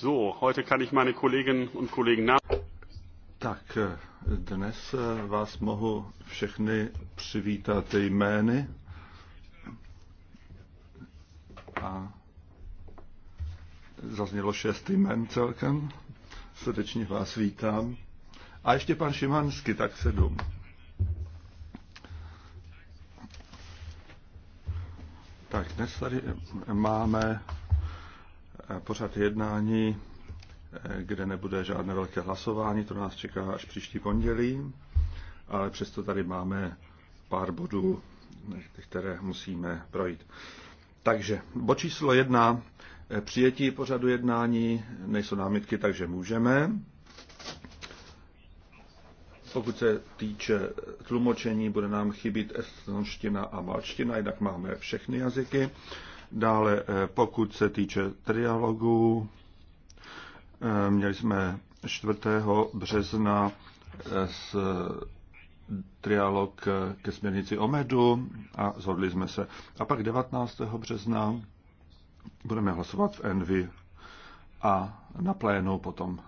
So, heute kann ich meine Kolleginnen und Kollegen nach. Tak, dnes vás mohu všechny přivítat jmény. A zaznělo šest jmén celkem. Srdečně vás vítám. A ještě pan Šimansky, tak sedm. Tak dnes tady máme pořad jednání, eh, kde nebude žádné velké hlasování, to nás čeká až příští pondělí, ale přesto tady máme pár bodů, eh, které musíme projít. Takže bod číslo jedna, eh, přijetí pořadu jednání, nejsou námitky, takže můžeme. Pokud se týče tlumočení, bude nám chybit estonština a malčtina, jinak máme všechny jazyky. Dále, eh, pokud se týče trialogu, eh, měli jsme 4. března eh, s trialog ke směrnici o medu a zhodli jsme se. A pak 19. března budeme hlasovat v Envy a na plénu potom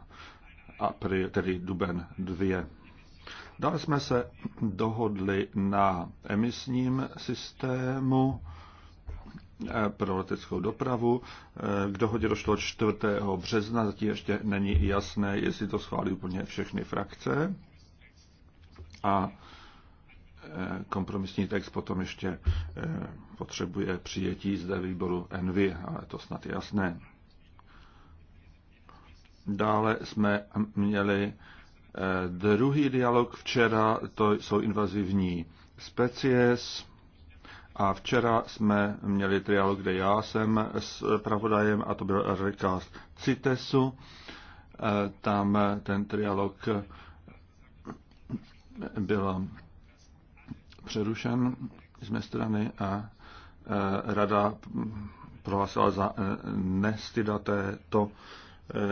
april, tedy duben 2. Dále jsme se dohodli na emisním systému pro leteckou dopravu. K dohodě došlo 4. března, zatím ještě není jasné, jestli to schválí úplně všechny frakce. A e, kompromisní text potom ještě e, potřebuje přijetí zde výboru Envy, ale to snad je jasné. Dále jsme měli e, druhý dialog včera, to jsou invazivní species, a včera jsme měli trialog, kde já jsem s pravodajem, a to byl recast CITESu. Eh, tam eh, ten trialog eh, byl přerušen z mé strany a rada prohlásila za nestydaté to,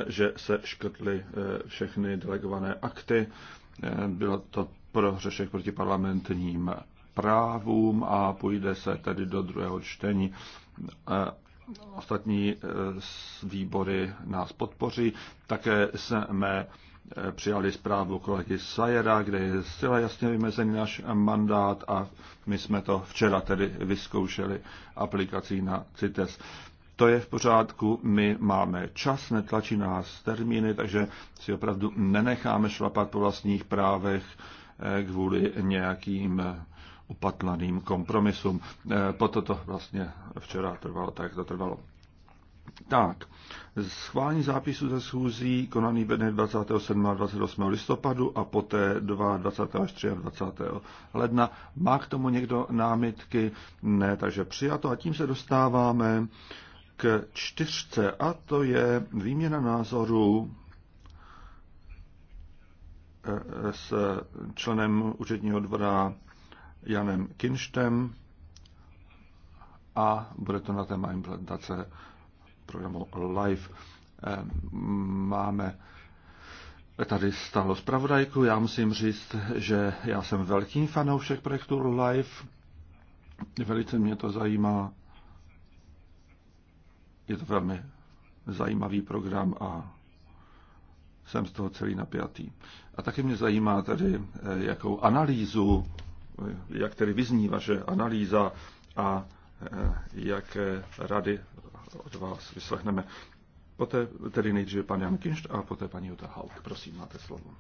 že se škrtly všechny delegované akty. Bylo to pro řešek proti parlamentním právům a půjde se tedy do druhého čtení. E, ostatní e, výbory nás podpoří. Také jsme e, přijali zprávu kolegy Sajera, kde je zcela jasně vymezený náš mandát a my jsme to včera tedy vyzkoušeli aplikací na CITES. To je v pořádku, my máme čas, netlačí nás termíny, takže si opravdu nenecháme šlapat po vlastních právech kvůli nějakým upatlaným kompromisům. Eh, po to vlastně včera trvalo, tak to trvalo. Tak, schválení zápisu ze schůzí konaný ve dne 27. a 28. listopadu a poté 22. 23. a 20. ledna. Má k tomu někdo námitky? Ne, takže přijato a tím se dostáváme k čtyřce a to je výměna názorů eh, s členem účetního dvora Janem Kinštem a bude to na téma implementace programu Live eh, Máme tady stalo zpravodajku. Já musím říct, že já jsem velkým fanoušek projektu Live Velice mě to zajímá. Je to velmi zajímavý program a jsem z toho celý napjatý. A taky mě zajímá tedy, eh, jakou analýzu jak tedy vyzní vaše analýza a e, jaké rady od vás vyslechneme. Poté tedy nejdříve pan Jan Kinšt a poté paní Jutta Hauk. Prosím, máte slovo.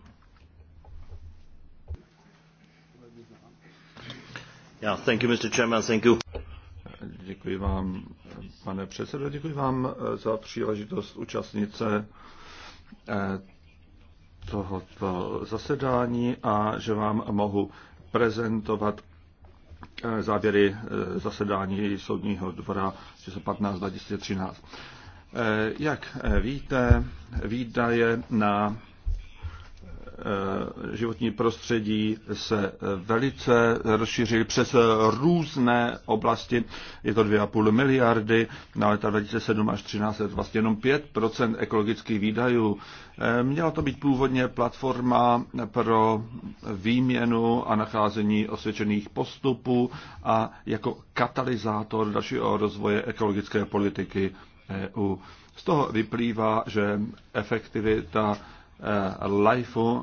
Yeah, thank you, Mr. Chairman, thank you. Děkuji vám, pane předsedo, děkuji vám e, za příležitost účastnit se e, tohoto zasedání a že vám mohu prezentovat eh, závěry eh, zasedání Soudního dvora 615 2013. Eh, jak víte, výdaje na Eh, životní prostředí se velice rozšířily přes různé oblasti. Je to 2,5 miliardy, na leta 2007 až 2013 je to vlastně jenom 5 ekologických výdajů. Eh, měla to být původně platforma pro výměnu a nacházení osvědčených postupů a jako katalyzátor dalšího rozvoje ekologické politiky EU. Z toho vyplývá, že efektivita Eh, Life eh,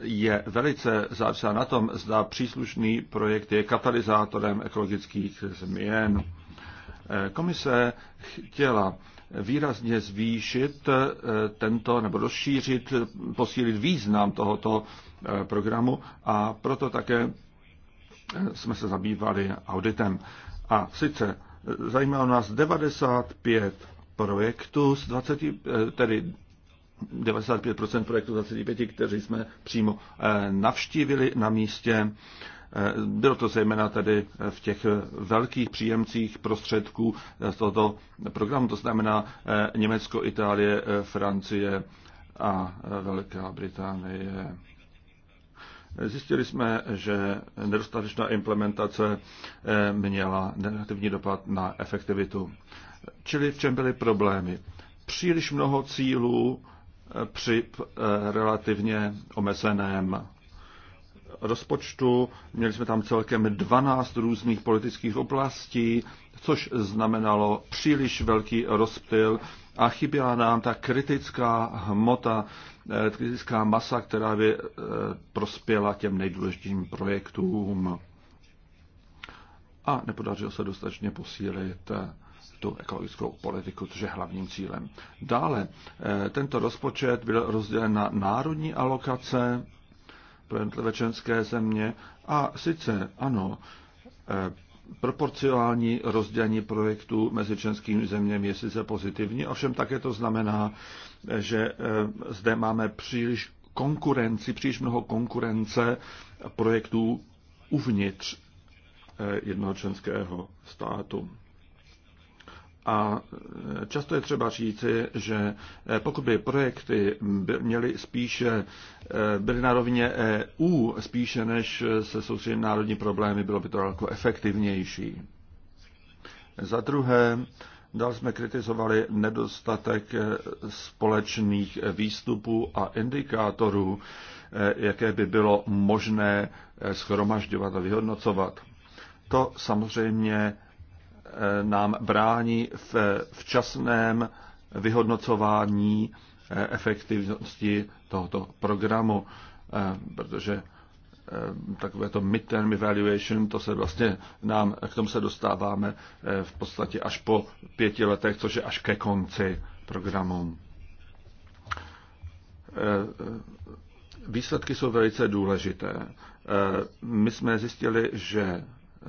je velice závislá na tom, zda příslušný projekt je katalyzátorem ekologických změn. Eh, Komise chtěla výrazně zvýšit tento nebo rozšířit, posílit význam tohoto programu a proto také jsme se zabývali auditem. A sice zajímalo nás 95 projektů z 20, tedy 95% projektů za celý pěti, kteří jsme přímo eh, navštívili na místě. Eh, bylo to zejména tady v těch velkých příjemcích prostředků z tohoto programu, to znamená eh, Německo, Itálie, Francie a Velká Británie. Zjistili jsme, že nedostatečná implementace měla negativní dopad na efektivitu. Čili v čem byly problémy? Příliš mnoho cílů při eh, relativně omezeném rozpočtu. Měli jsme tam celkem 12 různých politických oblastí, což znamenalo příliš velký rozptyl a chyběla nám ta kritická hmota, eh, kritická masa, která by eh, prospěla těm nejdůležitějším projektům. A nepodařilo se dostatečně posílit tu ekologickou politiku, což je hlavním cílem. Dále, eh, tento rozpočet byl rozdělen na národní alokace pro jednotlivé členské země a sice, ano, eh, proporcionální rozdělení projektů mezi členskými zeměmi je sice pozitivní, ovšem také to znamená, eh, že zde máme příliš konkurenci, příliš mnoho konkurence projektů uvnitř jednoho členského státu. A e, často je třeba říci, že e, pokud by projekty měly spíše, e, byly na rovině EU spíše než se soustředit národní problémy, bylo by to daleko efektivnější. Za druhé, dál jsme kritizovali nedostatek společných výstupů a indikátorů, jaké by bylo možné schromažďovat a vyhodnocovat. To samozřejmě Eh, nám brání v včasném vyhodnocování eh, efektivnosti tohoto programu, eh, protože takové to midterm evaluation, to se vlastně nám, k tomu se dostáváme v podstatě až po pěti letech, což je až ke konci programu. Výsledky jsou velice důležité. My jsme zjistili, že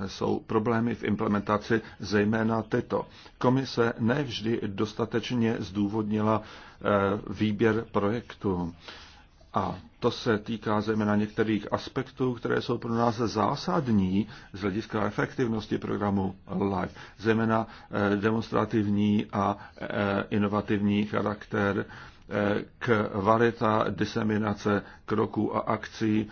jsou problémy v implementaci, zejména tyto. Komise nevždy dostatečně zdůvodnila eh, výběr projektu. A to se týká zejména některých aspektů, které jsou pro nás zásadní z hlediska efektivnosti programu LIFE, zejména eh, demonstrativní a eh, inovativní charakter kvalita diseminace kroků a akcí,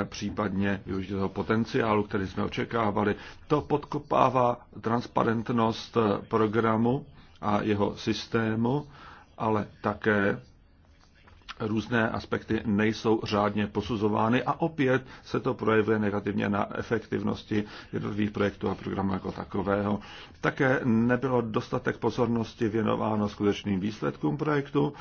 eh, případně využitého potenciálu, který jsme očekávali. To podkopává transparentnost programu a jeho systému, ale také různé aspekty nejsou řádně posuzovány a opět se to projevuje negativně na efektivnosti jednotlivých projektů a programů jako takového. Také nebylo dostatek pozornosti věnováno skutečným výsledkům projektu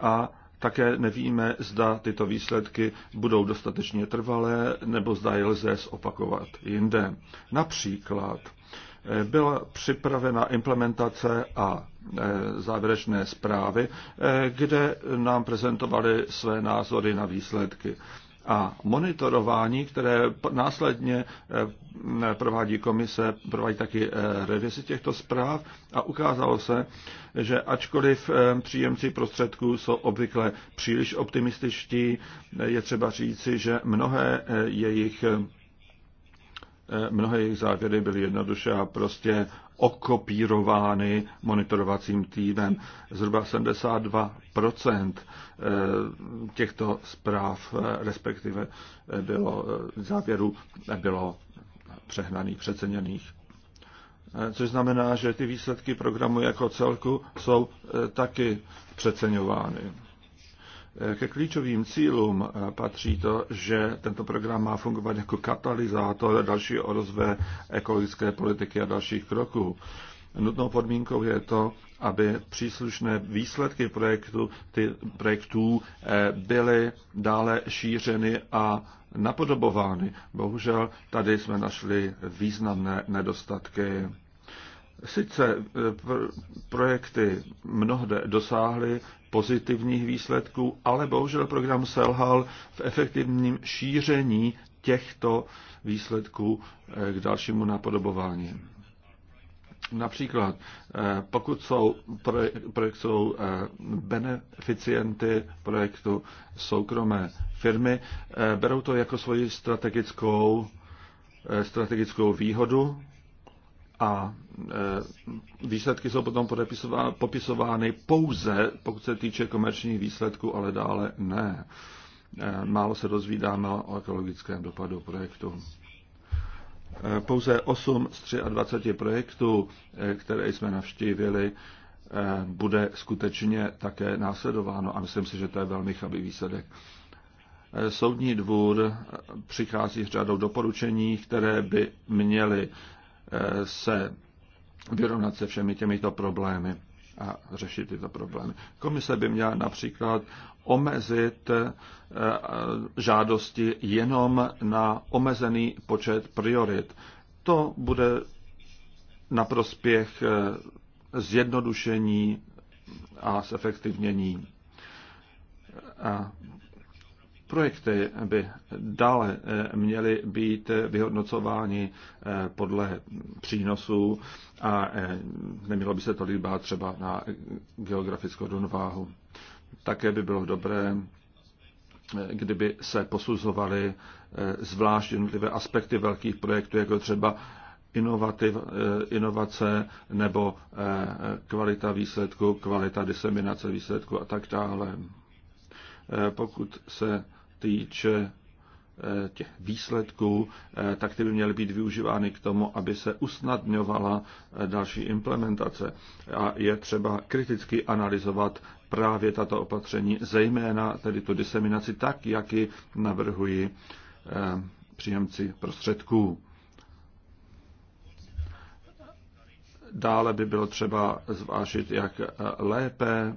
a také nevíme, zda tyto výsledky budou dostatečně trvalé, nebo zda je lze zopakovat jinde. Například byla připravena implementace a e, závěrečné zprávy, e, kde nám prezentovali své názory na výsledky. A monitorování, které následně e, provádí komise, provádí taky revizi těchto zpráv a ukázalo se, že ačkoliv příjemci prostředků jsou obvykle příliš optimističtí, je třeba říci, že mnohé jejich Eh, mnohé jejich závěry byly jednoduše a prostě okopírovány monitorovacím týmem. Zhruba 72% eh, těchto zpráv, eh, respektive bylo, závěrů bylo přehnaných, přeceněných. Což znamená, že ty výsledky programu jako celku jsou taky přeceňovány. Ke klíčovým cílům eh, patří to, že tento program má fungovat jako katalyzátor dalšího rozvoje ekologické politiky a dalších kroků. Nutnou podmínkou je to, aby příslušné výsledky projektu, ty projektů eh, byly dále šířeny a napodobovány. Bohužel tady jsme našli významné nedostatky. Sice eh, projekty mnohde dosáhly pozitivních výsledků, ale bohužel program selhal v efektivním šíření těchto výsledků eh, k dalšímu napodobování. Například, eh, pokud jsou, projek jsou eh, beneficienty projektu soukromé firmy, berou to jako svoji strategickou, strategickou výhodu a e, výsledky jsou potom popisovány pouze, pokud se týče komerčních výsledků, ale dále ne. E, málo se dozvídáme o ekologickém dopadu projektu. E, pouze 8 z 23 projektů, které jsme navštívili, bude skutečně také následováno a myslím si, že to je velmi chabý výsledek. Soudní dvůr přichází s řadou doporučení, které by měly se vyrovnat se všemi těmito problémy a řešit tyto problémy. Komise by měla například omezit eh, žádosti jenom na omezený počet priorit. To bude na prospěch eh, zjednodušení a zefektivnění. A Projekty by dále eh, měly být eh, vyhodnocovány eh, podle přínosů a nemělo by se to líbá třeba na geografickou rovnováhu. Také by bylo dobré, kdyby se posuzovaly zvlášť jednotlivé aspekty velkých projektů, jako třeba inovativ, inovace nebo kvalita výsledku, kvalita diseminace výsledku a tak dále. Pokud se týče eh, těch výsledků, eh, tak ty by měly být využívány k tomu, aby se usnadňovala eh, další implementace. A je třeba kriticky analyzovat právě tato opatření, zejména tedy tu diseminaci tak, jak ji navrhují příjemci prostředků. Dále by bylo třeba zvážit, jak lépe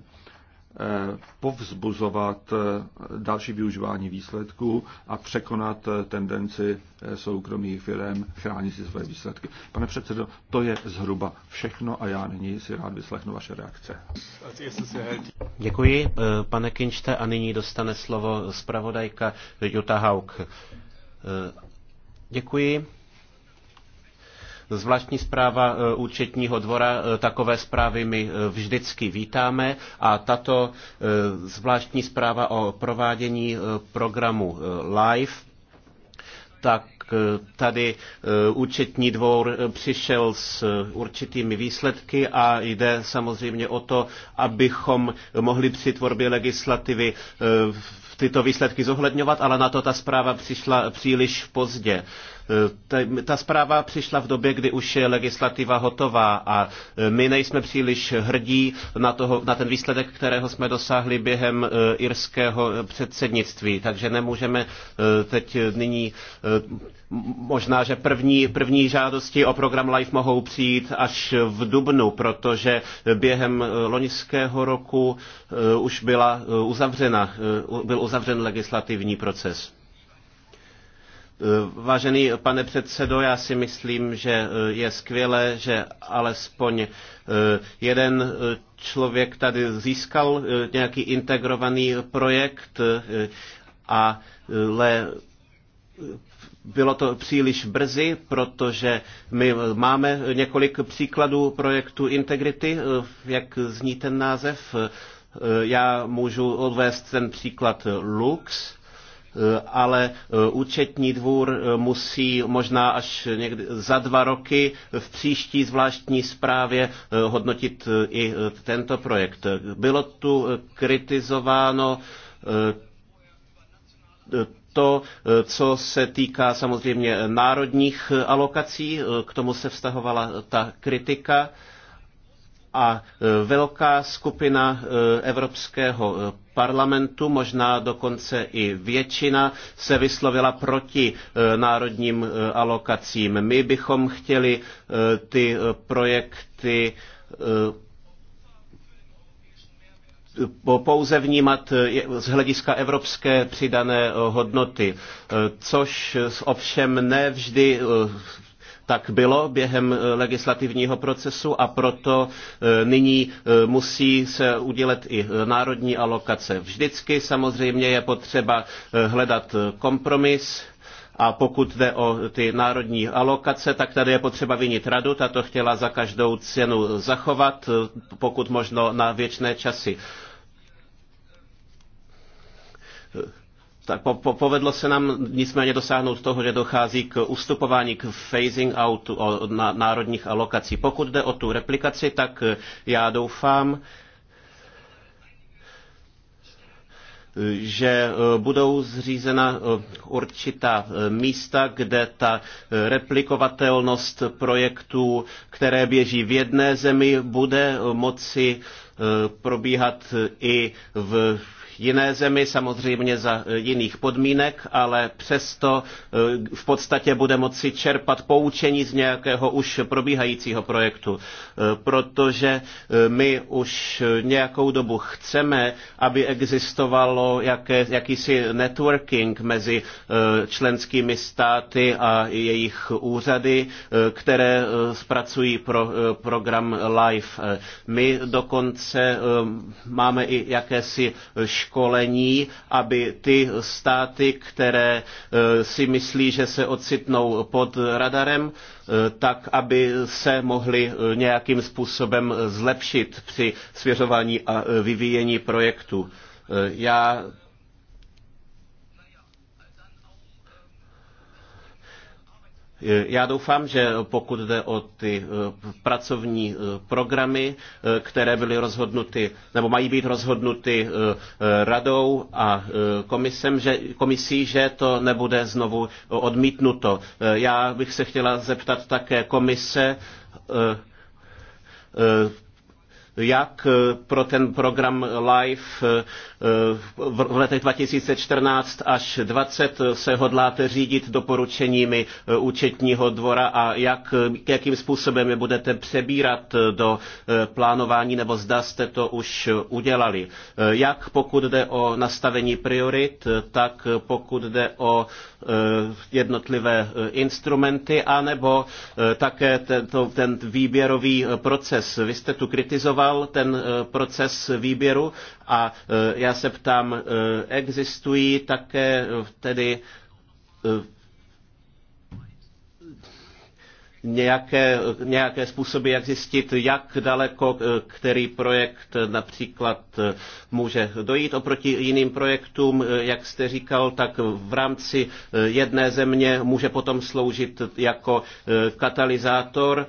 Eh, povzbuzovat eh, další využívání výsledků a překonat eh, tendenci soukromých firm chránit si své výsledky. Pane předsedo, to je zhruba všechno a já nyní si rád vyslechnu vaše reakce. Děkuji, pane Kinčte, a nyní dostane slovo zpravodajka Jutta Hauk. Děkuji. Zvláštní zpráva eh, účetního dvora, eh, takové zprávy my eh, vždycky vítáme a tato zvláštní zpráva o provádění programu LIFE, tak tady účetní dvor přišel s určitými výsledky a jde samozřejmě o to, abychom mohli při tvorbě legislativy tyto výsledky zohledňovat, ale na to ta zpráva přišla příliš pozdě. Eh, ta zpráva přišla v době, kdy už je legislativa hotová a eh, my nejsme příliš hrdí na, toho, na ten výsledek, kterého jsme dosáhli během eh, irského předsednictví, takže nemůžeme teď nyní možná, že první, první žádosti o program Life mohou přijít až v Dubnu, protože během loňského roku už byla uzavřena, byl uzavřen legislativní proces. Eh, vážený pane předsedo, já si myslím, že eh, je skvělé, že alespoň eh, jeden člověk tady získal nějaký integrovaný projekt, ale bylo to příliš brzy, protože my máme několik příkladů projektu Integrity, jak zní ten název. Já můžu odvést ten příklad Lux, Eh, ale eh, účetní dvůr eh, musí možná až někdy za dva roky v příští zvláštní zprávě hodnotit i tento projekt. Bylo tu kritizováno to, co se týká samozřejmě národních alokací, k tomu se vztahovala ta kritika a e, velká skupina e, Evropského e, parlamentu, možná dokonce i většina, se vyslovila proti národním alokacím. My bychom chtěli ty projekty pouze vnímat z hlediska evropské přidané hodnoty, což ovšem nevždy tak bylo během eh, legislativního procesu a proto eh, nyní eh, musí se udělat i národní alokace. Vždycky samozřejmě je potřeba hledat kompromis, a pokud jde o ty národní alokace, tak tady je potřeba vinit radu, ta to chtěla za každou cenu zachovat, pokud možno na věčné časy tak po, po, povedlo se nám nicméně dosáhnout toho, že dochází k ustupování, k phasing out o, na, národních alokací. Pokud jde o tu replikaci, tak já doufám, že e, budou zřízena e, určitá e, místa, kde ta replikovatelnost projektů, které běží v jedné zemi, bude moci probíhat i v jiné zemi, samozřejmě za e, jiných podmínek, ale přesto e, v podstatě bude moci čerpat poučení z nějakého už probíhajícího projektu. E, protože my už nějakou dobu chceme, aby existovalo jaké, jakýsi networking mezi členskými státy a jejich úřady, které zpracují pro program LIFE. My dokonce máme i jakési školení, aby ty státy, které e, si myslí, že se ocitnou pod radarem, e, tak aby se mohly e, nějakým způsobem zlepšit při svěřování a vyvíjení projektu. Já Eh, já doufám, že pokud jde o ty eh, pracovní eh, programy, které byly rozhodnuty, nebo mají být rozhodnuty radou a komisem, že, komisí, že to nebude znovu odmítnuto. Já bych se chtěla zeptat také komise, jak eh, pro ten program LIFE eh, eh, v letech 2014 až 20 se hodláte řídit doporučeními účetního dvora a jak, jakým způsobem je budete přebírat do plánování, nebo zda jste to už udělali. Jak pokud jde o nastavení priorit, tak pokud jde o jednotlivé instrumenty, anebo také ten, ten výběrový proces. Vy jste tu kritizoval sledoval ten eh, proces výběru a eh, já se ptám, eh, existují také tedy nějaké, nějaké způsoby, jak zjistit, jak daleko který projekt například může dojít oproti jiným projektům, jak jste říkal, tak v rámci jedné země může potom sloužit jako katalyzátor,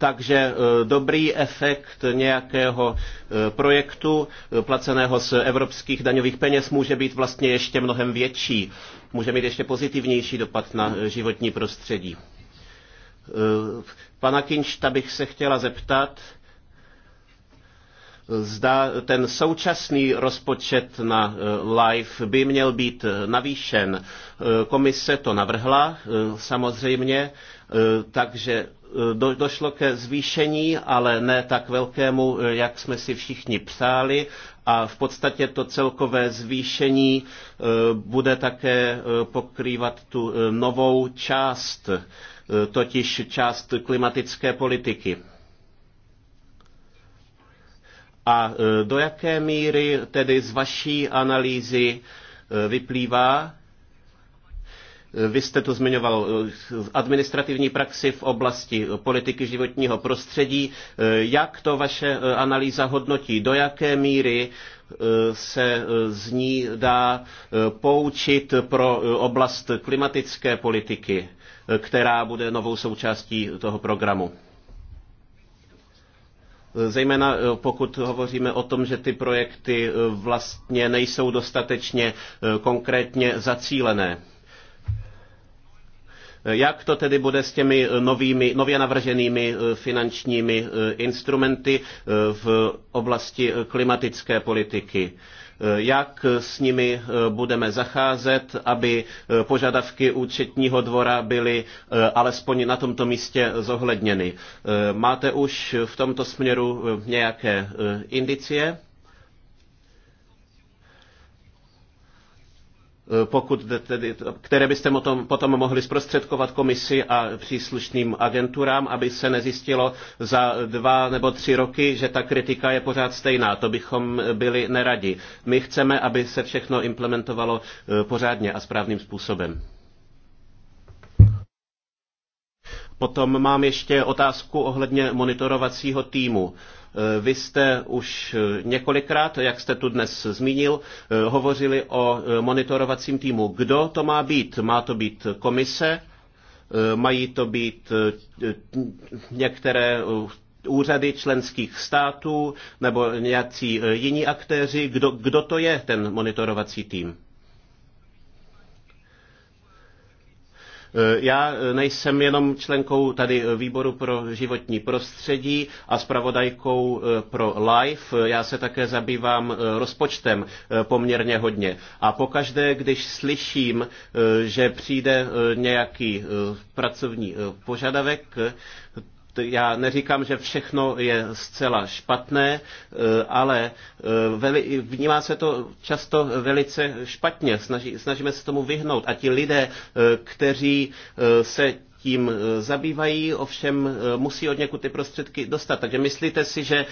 takže e, dobrý efekt nějakého e, projektu e, placeného z evropských daňových peněz může být vlastně ještě mnohem větší. Může mít ještě pozitivnější dopad na životní prostředí. Pana Kinšta bych se chtěla zeptat, zda ten současný rozpočet na LIFE by měl být navýšen. Komise to navrhla samozřejmě, takže Eh, do, došlo ke zvýšení, ale ne tak velkému, eh, jak jsme si všichni přáli a v podstatě to celkové zvýšení eh, bude také pokrývat tu novou část, totiž část klimatické politiky. A do jaké míry tedy z vaší analýzy vyplývá, vy jste to zmiňoval eh, administrativní praxi v oblasti eh, politiky životního prostředí. Eh, jak to vaše analýza hodnotí? Do jaké míry se z ní dá poučit pro oblast klimatické politiky, která bude novou součástí toho programu? Zejména pokud hovoříme o tom, že ty projekty vlastně nejsou dostatečně konkrétně zacílené. Jak to tedy bude s těmi eh, novými, nově navrženými eh, finančními eh, instrumenty v oblasti klimatické politiky? jak s nimi budeme zacházet, aby požadavky účetního dvora byly alespoň na tomto místě zohledněny. Máte už v tomto směru nějaké indicie? Eh, pokud tedy, které byste potom, potom mohli zprostředkovat komisi a příslušným agenturám, aby se nezjistilo za dva nebo tři roky, že ta kritika je pořád stejná. To bychom byli neradi. My chceme, aby se všechno implementovalo eh, pořádně a správným způsobem. Potom mám ještě otázku ohledně monitorovacího týmu. Eh, vy jste už eh, několikrát, jak jste tu dnes zmínil, eh, hovořili o monitorovacím týmu. Kdo to má být? Má to být komise? Mají to být některé úřady členských států nebo nějací jiní aktéři? Kdo, kdo to je ten monitorovací tým? Eh, já eh, nejsem jenom členkou tady eh, výboru pro životní prostředí a zpravodajkou pro LIFE. Já se také zabývám rozpočtem poměrně hodně. A pokaždé, když slyším, že přijde nějaký pracovní požadavek, já neříkám, že všechno je zcela špatné, e, ale e, veli, vnímá se to často velice špatně. Snaží, snažíme se tomu vyhnout. A ti lidé, e, kteří se tím eh, zabývají, ovšem eh, musí od někud ty prostředky dostat. Takže myslíte si, že eh,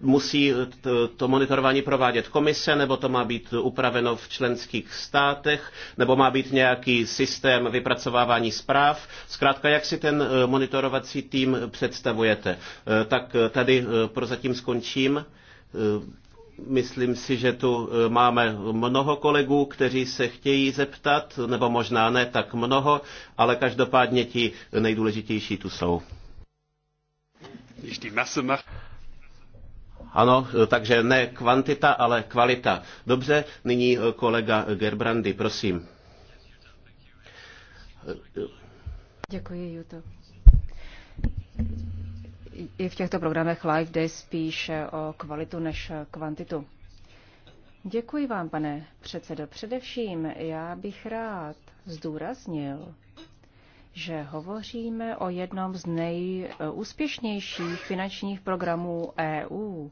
musí to monitorování provádět komise, nebo to má být upraveno v členských státech, nebo má být nějaký systém vypracovávání zpráv? Zkrátka, jak si ten monitorovací tým představujete? Tak tady prozatím skončím. Myslím si, že tu e, máme mnoho kolegů, kteří se chtějí zeptat, nebo možná ne tak mnoho, ale každopádně ti nejdůležitější tu jsou. Ano, e, takže ne kvantita, ale kvalita. Dobře, nyní e, kolega Gerbrandy, prosím. Děkuji, Juto i v těchto programech Live Day spíše o kvalitu než kvantitu. Děkuji vám, pane předsedo. Především já bych rád zdůraznil, že hovoříme o jednom z nejúspěšnějších finančních programů EU.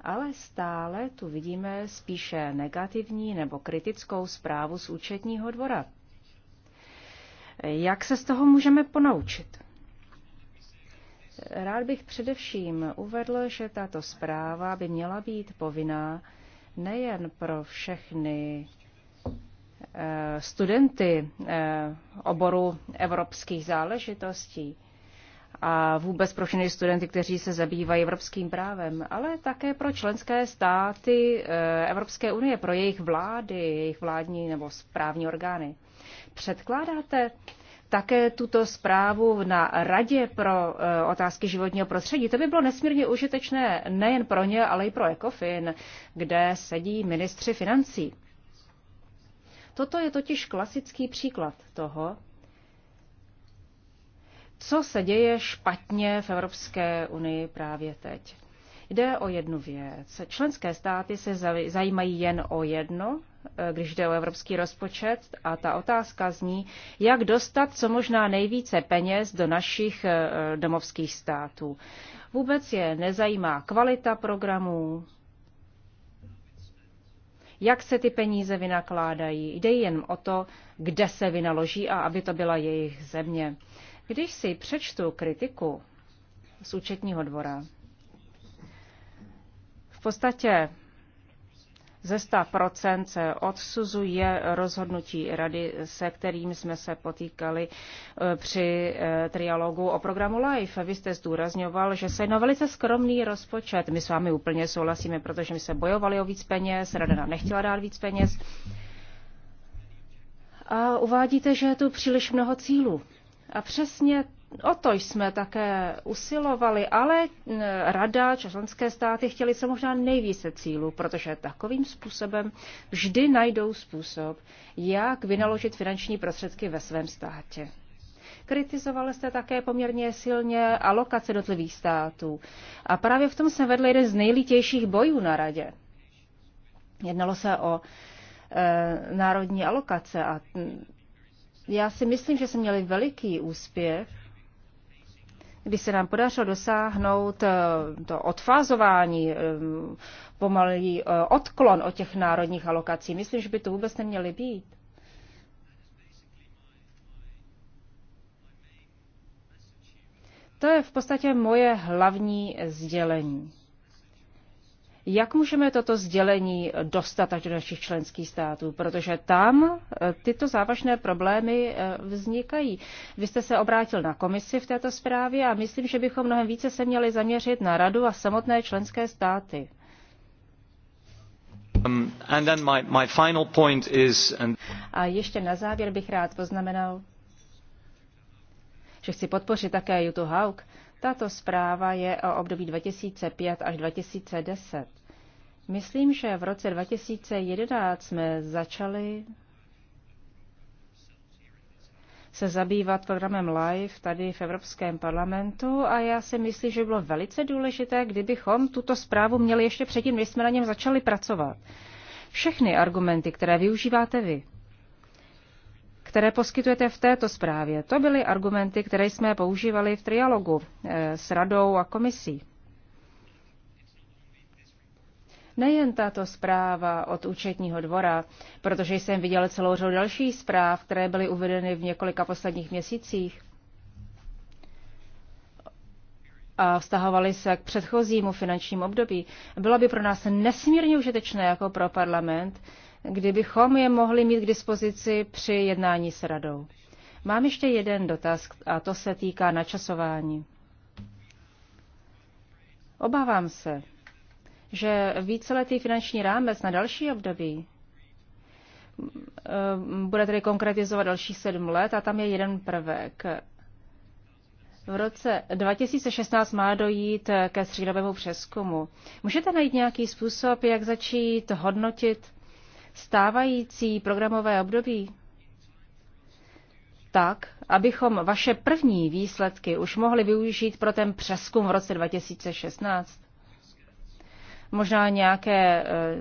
Ale stále tu vidíme spíše negativní nebo kritickou zprávu z účetního dvora. Jak se z toho můžeme ponaučit? Rád bych především uvedl, že tato zpráva by měla být povinná nejen pro všechny eh, studenty eh, oboru evropských záležitostí a vůbec pro všechny studenty, kteří se zabývají evropským právem, ale také pro členské státy eh, Evropské unie, pro jejich vlády, jejich vládní nebo správní orgány. Předkládáte také tuto zprávu na Radě pro eh, otázky životního prostředí. To by bylo nesmírně užitečné nejen pro ně, ale i pro ECOFIN, kde sedí ministři financí. Toto je totiž klasický příklad toho, co se děje špatně v Evropské unii právě teď. Jde o jednu věc. Členské státy se zajímají jen o jedno Eh, když jde o evropský rozpočet a ta otázka zní, jak dostat co možná nejvíce peněz do našich eh, domovských států. Vůbec je nezajímá kvalita programů, jak se ty peníze vynakládají. Jde jen o to, kde se vynaloží a aby to byla jejich země. Když si přečtu kritiku z účetního dvora, v podstatě ze 100% se odsuzuje rozhodnutí rady, se kterým jsme se potýkali e, při e, trialogu o programu LIFE. Vy jste zdůrazňoval, že se jedná velice skromný rozpočet. My s vámi úplně souhlasíme, protože my se bojovali o víc peněz, rada nám nechtěla dát víc peněz. A uvádíte, že je tu příliš mnoho cílů. A přesně O to jsme také usilovali, ale e, rada členské státy chtěli se možná nejvíce cílů, protože takovým způsobem vždy najdou způsob, jak vynaložit finanční prostředky ve svém státě. Kritizovali jste také poměrně silně alokace dotlivých států. A právě v tom se vedl jeden z nejlitějších bojů na radě. Jednalo se o e, národní alokace a já si myslím, že jsme měli veliký úspěch kdy se nám podařilo dosáhnout eh, to odfázování, eh, pomalý eh, odklon od těch národních alokací. Myslím, že by to vůbec neměly být. To je v podstatě moje hlavní sdělení. Jak můžeme toto sdělení dostat až do našich členských států? Protože tam eh, tyto závažné problémy eh, vznikají. Vy jste se obrátil na komisi v této zprávě a myslím, že bychom mnohem více se měli zaměřit na radu a samotné členské státy. Um, a ještě na závěr bych rád poznamenal, že chci podpořit také Jutu Hauk tato zpráva je o období 2005 až 2010. Myslím, že v roce 2011 jsme začali se zabývat programem LIFE tady v Evropském parlamentu a já si myslím, že bylo velice důležité, kdybychom tuto zprávu měli ještě předtím, než jsme na něm začali pracovat. Všechny argumenty, které využíváte vy, které poskytujete v této zprávě. To byly argumenty, které jsme používali v trialogu eh, s radou a komisí. Nejen tato zpráva od účetního dvora, protože jsem viděl celou řadu dalších zpráv, které byly uvedeny v několika posledních měsících a vztahovaly se k předchozímu finančnímu období, bylo by pro nás nesmírně užitečné jako pro parlament, kdybychom je mohli mít k dispozici při jednání s radou. Mám ještě jeden dotaz a to se týká načasování. Obávám se, že víceletý finanční rámec na další období eh, bude tedy konkretizovat další sedm let a tam je jeden prvek. V roce 2016 má dojít ke střídavému přeskumu. Můžete najít nějaký způsob, jak začít hodnotit stávající programové období tak, abychom vaše první výsledky už mohli využít pro ten přeskum v roce 2016. Možná nějaké, eh,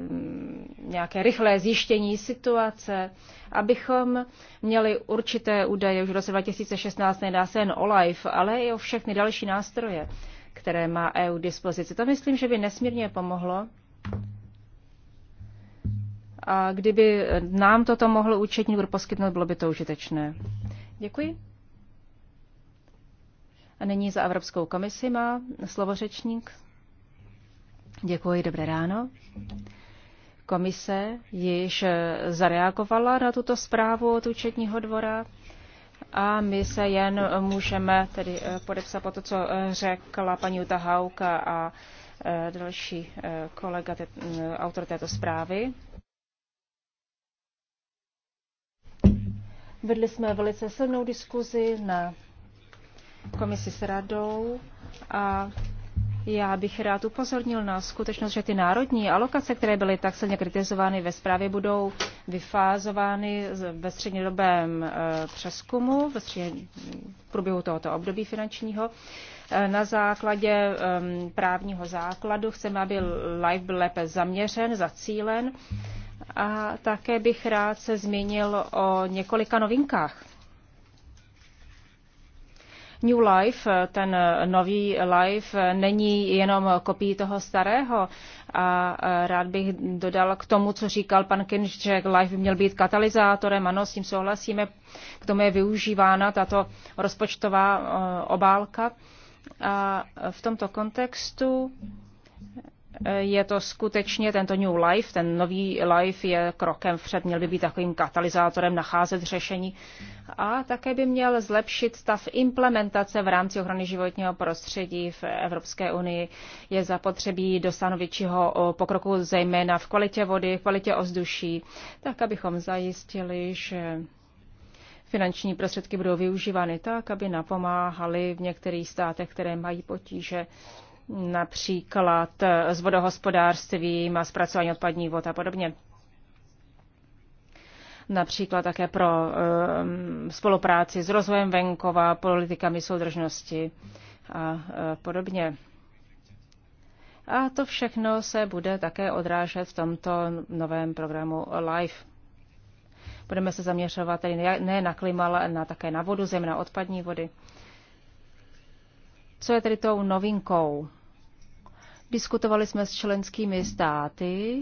nějaké rychlé zjištění situace, abychom měli určité údaje už v roce 2016, nedá se jen o LIFE, ale i o všechny další nástroje, které má EU dispozici. To myslím, že by nesmírně pomohlo a kdyby nám toto mohlo účetní dvůr poskytnout, bylo by to užitečné. Děkuji. A nyní za Evropskou komisi má slovo řečník. Děkuji, dobré ráno. Komise již zareagovala na tuto zprávu od účetního dvora a my se jen můžeme tedy eh, podepsat po to, co eh, řekla paní Uta Hauka a eh, další kolega, autor této zprávy. Vedli jsme velice silnou diskuzi na komisi s radou a já bych rád upozornil na skutečnost, že ty národní alokace, které byly tak silně kritizovány ve zprávě, budou vyfázovány ve střednědobém eh, přeskumu, ve středně, v průběhu tohoto období finančního. Eh, na základě ehm, právního základu chceme, aby live byl lépe zaměřen, zacílen a také bych rád se zmínil o několika novinkách. New Life, ten nový Life, není jenom kopií toho starého. A rád bych dodal k tomu, co říkal pan Kinch, že Life by měl být katalyzátorem. Ano, s tím souhlasíme. K tomu je využívána tato rozpočtová eh, obálka. A v tomto kontextu Eh, je to skutečně tento New Life, ten nový Life je krokem vpřed, měl by být takovým katalyzátorem nacházet řešení a také by měl zlepšit stav implementace v rámci ochrany životního prostředí v Evropské unii. Je zapotřebí dosáhnout většího pokroku zejména v kvalitě vody, kvalitě ozduší, tak abychom zajistili, že finanční prostředky budou využívány tak, aby napomáhali v některých státech, které mají potíže například s vodohospodářstvím a zpracování odpadních vod a podobně. Například také pro um, spolupráci s rozvojem venkova, politikami soudržnosti a e, podobně. A to všechno se bude také odrážet v tomto novém programu LIFE. Budeme se zaměřovat tedy ne na klima, ale na, také na vodu, zejména odpadní vody. Co je tedy tou novinkou? Diskutovali jsme s členskými státy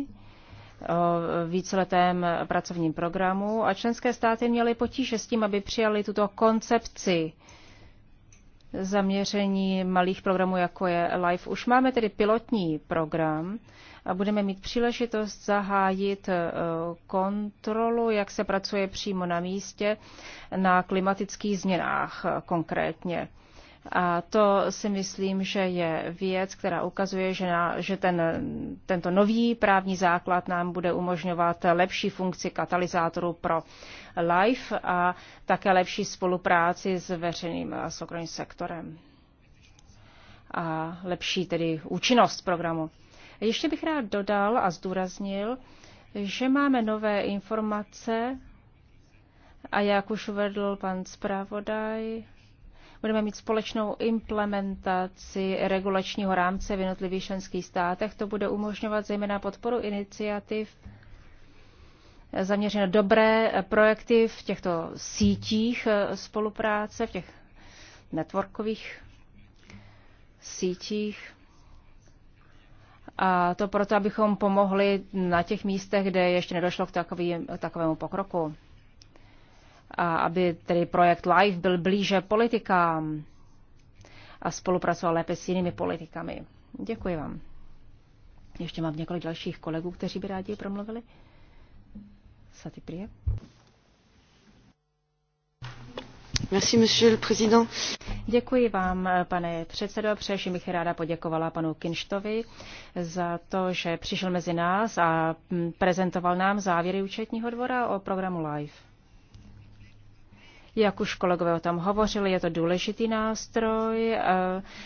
o víceletém pracovním programu a členské státy měly potíže s tím, aby přijali tuto koncepci zaměření malých programů, jako je LIFE. Už máme tedy pilotní program a budeme mít příležitost zahájit e, kontrolu, jak se pracuje přímo na místě na klimatických změnách e, konkrétně. A to si myslím, že je věc, která ukazuje, že, na, že ten, tento nový právní základ nám bude umožňovat lepší funkci katalyzátoru pro LIFE a také lepší spolupráci s veřejným a soukromým sektorem. A lepší tedy účinnost programu. Ještě bych rád dodal a zdůraznil, že máme nové informace a jak už uvedl pan zpravodaj, Budeme mít společnou implementaci regulačního rámce v jednotlivých členských státech. To bude umožňovat zejména podporu iniciativ zaměřené dobré projekty v těchto sítích spolupráce, v těch networkových sítích. A to proto, abychom pomohli na těch místech, kde ještě nedošlo k k takovému pokroku a aby tedy projekt LIFE byl blíže politikám a spolupracoval lépe s jinými politikami. Děkuji vám. Ještě mám několik dalších kolegů, kteří by rádi promluvili. Sati Prie. Merci, monsieur le président. Děkuji vám, pane předsedo. Především bych ráda poděkovala panu Kinštovi za to, že přišel mezi nás a prezentoval nám závěry účetního dvora o programu LIFE. Jak už kolegové o tom hovořili, je to důležitý nástroj, eh,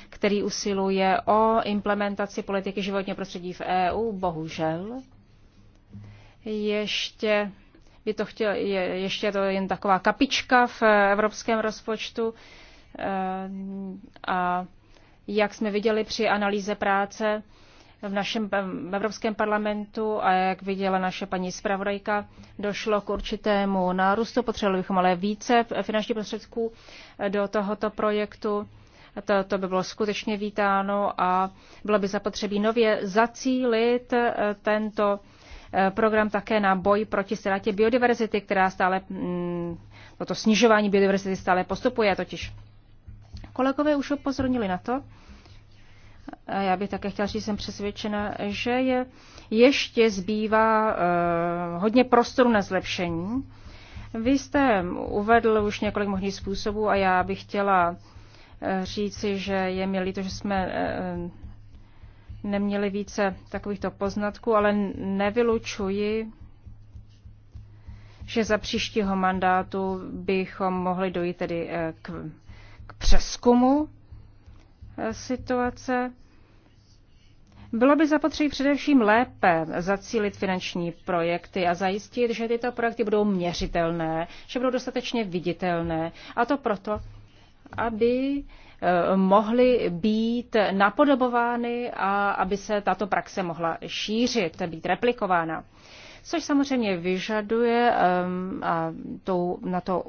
který usiluje o implementaci politiky životního prostředí v EU. Bohužel ještě by to chtěl, je, ještě to jen taková kapička v evropském rozpočtu. Eh, a jak jsme viděli při analýze práce, v našem v Evropském parlamentu a jak viděla naše paní zpravodajka, došlo k určitému nárůstu. Potřebovali bychom ale více finančních prostředků eh, do tohoto projektu. To, to by bylo skutečně vítáno a bylo by zapotřebí nově zacílit eh, tento eh, program také na boj proti ztrátě biodiverzity, která stále, mm, toto snižování biodiverzity stále postupuje totiž. Kolegové už upozornili na to, a já bych také chtěla říct, jsem přesvědčena, že je, ještě zbývá uh, hodně prostoru na zlepšení. Vy jste uvedl už několik možných způsobů a já bych chtěla uh, říci, že je mi líto, že jsme uh, neměli více takovýchto poznatků, ale nevylučuji, že za příštího mandátu bychom mohli dojít tedy k, k přeskumu situace. Bylo by zapotřebí především lépe zacílit finanční projekty a zajistit, že tyto projekty budou měřitelné, že budou dostatečně viditelné. A to proto, aby eh, mohly být napodobovány a aby se tato praxe mohla šířit, být replikována což samozřejmě vyžaduje, a tou, na to,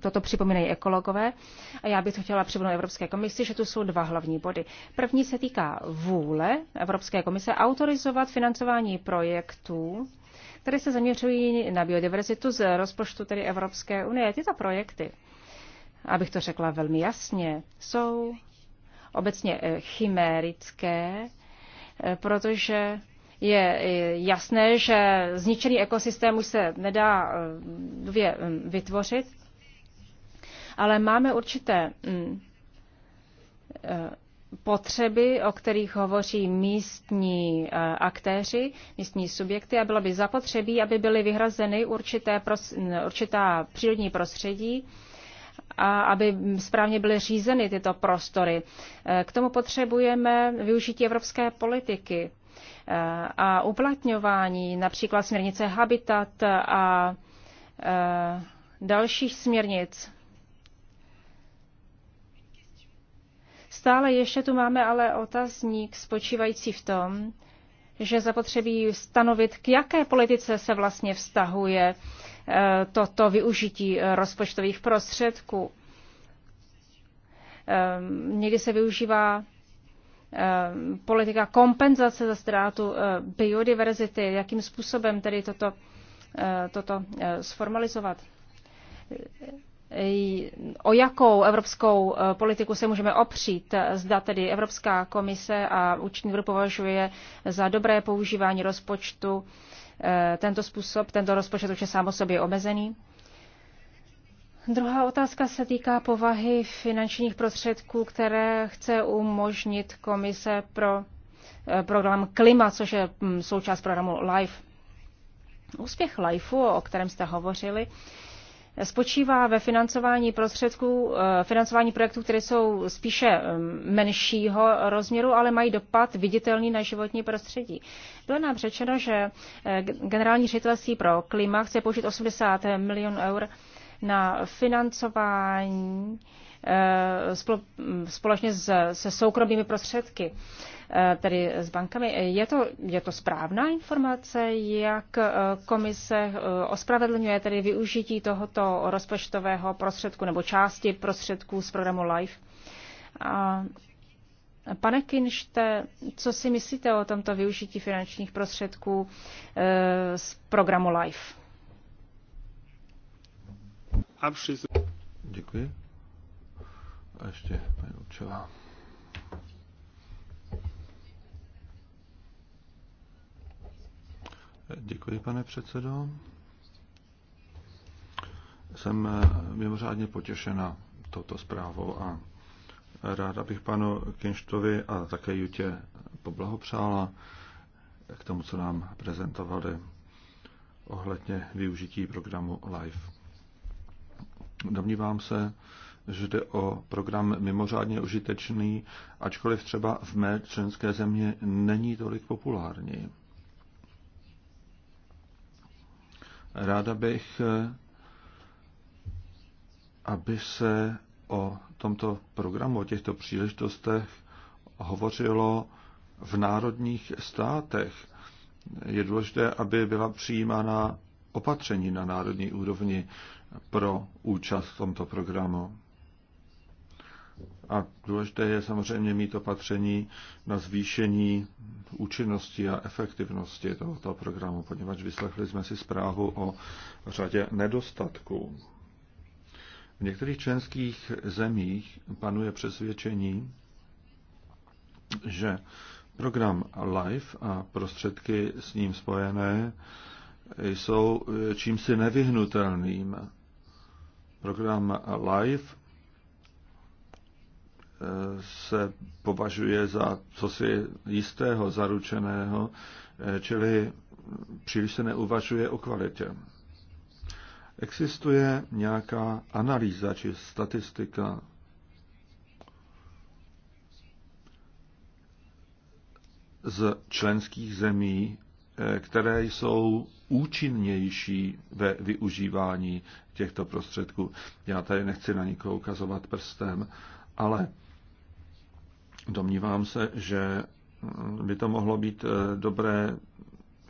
toto připomínají ekologové, a já bych to chtěla připomenout Evropské komisi, že tu jsou dva hlavní body. První se týká vůle Evropské komise autorizovat financování projektů, které se zaměřují na biodiverzitu z rozpočtu tedy Evropské unie. Tyto projekty, abych to řekla velmi jasně, jsou obecně eh, chimérické, eh, protože je eh, jasné, že zničený ekosystém už se nedá eh, dvě hm, vytvořit, ale máme určité hm, eh, potřeby, o kterých hovoří místní aktéři, místní subjekty a bylo by zapotřebí, aby byly vyhrazeny určité, hm, určitá přírodní prostředí, a aby správně byly řízeny tyto prostory. K tomu potřebujeme využití evropské politiky a uplatňování například směrnice Habitat a e, dalších směrnic. Stále ještě tu máme ale otazník spočívající v tom, že zapotřebí stanovit, k jaké politice se vlastně vztahuje e, toto využití e, rozpočtových prostředků. Někdy se využívá Eh, politika kompenzace za ztrátu eh, biodiverzity, jakým způsobem tedy toto, eh, toto sformalizovat. O jakou evropskou politiku se můžeme opřít? Zda tedy Evropská komise a účinný dvůr považuje za dobré používání rozpočtu tento způsob, tento rozpočet už je sám o sobě omezený. Druhá otázka se týká povahy finančních prostředků, které chce umožnit komise pro eh, program Klima, což je mm, součást programu LIFE. Úspěch LIFEu, o kterém jste hovořili, eh, spočívá ve financování prostředků, eh, financování projektů, které jsou spíše mm, menšího rozměru, ale mají dopad viditelný na životní prostředí. Bylo nám řečeno, že generální ředitelství pro klima chce použít 80 milionů eur na financování eh, společně se soukromými prostředky, eh, tedy s bankami. Je to, je to správná informace, jak eh, komise ospravedlňuje tedy využití tohoto rozpočtového prostředku nebo části prostředků z programu LIFE? A Pane Kinšte, co si myslíte o tomto využití finančních prostředků z programu LIFE? Děkuji. A ještě paní Učová. Děkuji, pane předsedo. Jsem eh, mimořádně potěšena touto zprávou a ráda bych panu Kinštovi a také Jutě poblahopřála k tomu, co nám prezentovali ohledně využití programu LIFE. Domnívám se, že jde o program mimořádně užitečný, ačkoliv třeba v mé členské země není tolik populární. Ráda bych, aby se o tomto programu, o těchto příležitostech hovořilo v národních státech. Je důležité, aby byla přijímána opatření na národní úrovni pro účast v tomto programu. A důležité je samozřejmě mít opatření na zvýšení účinnosti a efektivnosti tohoto programu, poněvadž vyslechli jsme si zprávu o řadě nedostatků. V některých členských zemích panuje přesvědčení, že program LIFE a prostředky s ním spojené jsou čímsi nevyhnutelným Program Live eh, se považuje za cosi jistého, zaručeného, eh, čili příliš se neuvažuje o kvalitě. Existuje nějaká analýza či statistika z členských zemí Eh, které jsou účinnější ve využívání těchto prostředků. Já tady nechci na nikoho ukazovat prstem, ale domnívám se, že mm, by to mohlo být eh, dobré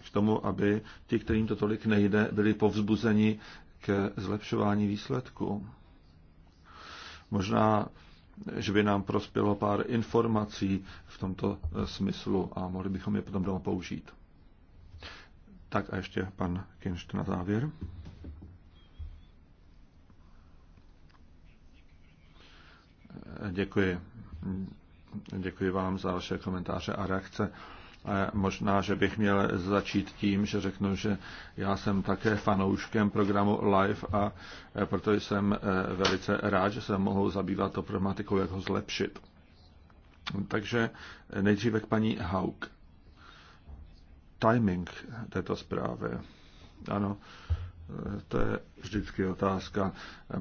k tomu, aby ti, kterým to tolik nejde, byli povzbuzeni k zlepšování výsledku. Možná, že by nám prospělo pár informací v tomto eh, smyslu a mohli bychom je potom doma použít. Tak a ještě pan Kinšt na závěr. Děkuji. Děkuji vám za vaše komentáře a reakce. Možná, že bych měl začít tím, že řeknu, že já jsem také fanouškem programu Live a proto jsem eh, velice rád, že se mohou zabývat to problematikou, jak ho zlepšit. Takže nejdříve k paní Hauk timing této zprávy. Ano, to je vždycky otázka.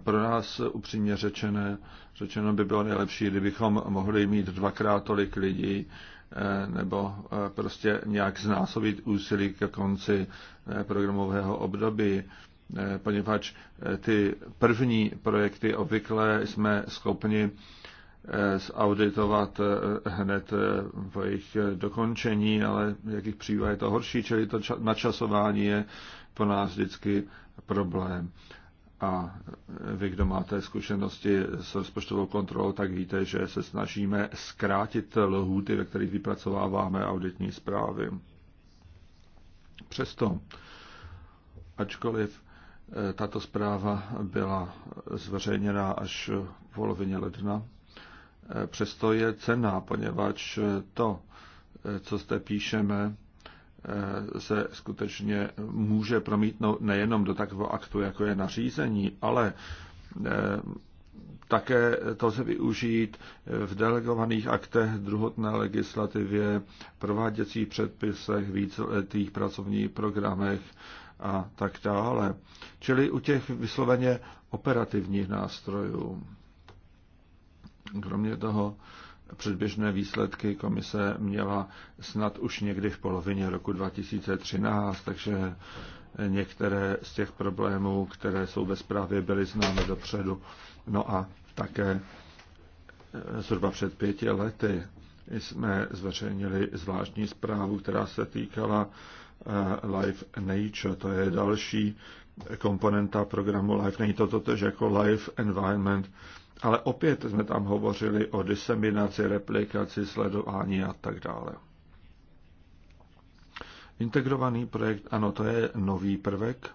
Pro nás upřímně řečené, řečeno by bylo nejlepší, kdybychom mohli mít dvakrát tolik lidí, eh, nebo eh, prostě nějak znásobit úsilí ke konci eh, programového období, poněvadž ty první projekty obvykle jsme schopni zauditovat eh, hned po eh, jejich eh, dokončení, ale jakých příběh je to horší, čili to načasování je pro nás vždycky problém. A vy, kdo máte zkušenosti s rozpočtovou kontrolou, tak víte, že se snažíme zkrátit lhůty, ve kterých vypracováváme auditní zprávy. Přesto, ačkoliv tato zpráva byla zveřejněna až v polovině ledna, přesto je cená, poněvadž to, co zde píšeme, se skutečně může promítnout nejenom do takového aktu, jako je nařízení, ale eh, také to se využít v delegovaných aktech druhotné legislativě, prováděcích předpisech, víceletých pracovních programech a tak dále. Čili u těch vysloveně operativních nástrojů. Kromě toho předběžné výsledky komise měla snad už někdy v polovině roku 2013, takže některé z těch problémů, které jsou ve zprávě, byly známy dopředu. No a také eh, zhruba před pěti lety jsme zveřejnili zvláštní zprávu, která se týkala eh, Life Nature. To je další komponenta programu Life. Není to totež jako Life Environment, ale opět jsme tam hovořili o diseminaci, replikaci, sledování a tak dále. Integrovaný projekt, ano, to je nový prvek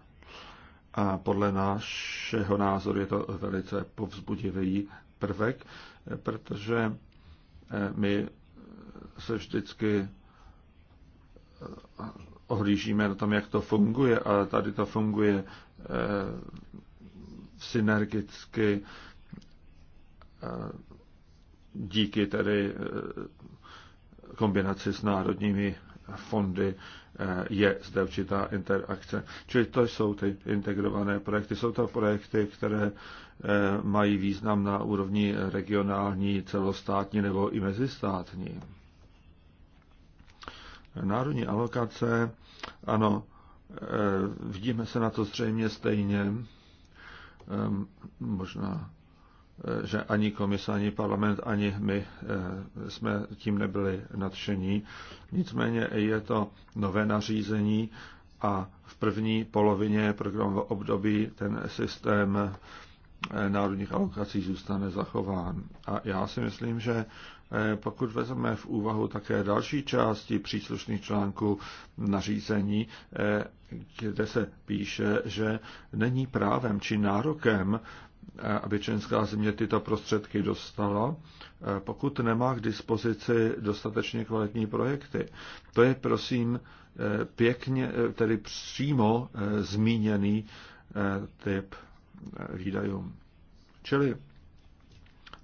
a podle našeho názoru je to velice povzbudivý prvek, protože eh, my se vždycky eh, ohlížíme na tom, jak to funguje, ale tady to funguje eh, synergicky Eh, díky tedy eh, kombinaci s národními fondy eh, je zde určitá interakce. Čili to jsou ty integrované projekty. Jsou to projekty, které mají význam na úrovni regionální, celostátní nebo i mezistátní. Národní alokace, ano, vidíme se na to zřejmě stejně. Ehm, možná že ani komise, ani parlament, ani my eh, jsme tím nebyli nadšení. Nicméně je to nové nařízení a v první polovině programového období ten systém eh, národních alokací zůstane zachován. A já si myslím, že eh, pokud vezmeme v úvahu také další části příslušných článků nařízení, kde se píše, že není právem či nárokem Eh, aby členská země tyto prostředky dostala, eh, pokud nemá k dispozici dostatečně kvalitní projekty. To je, prosím, eh, pěkně, tedy přímo zmíněný typ výdajů. Čili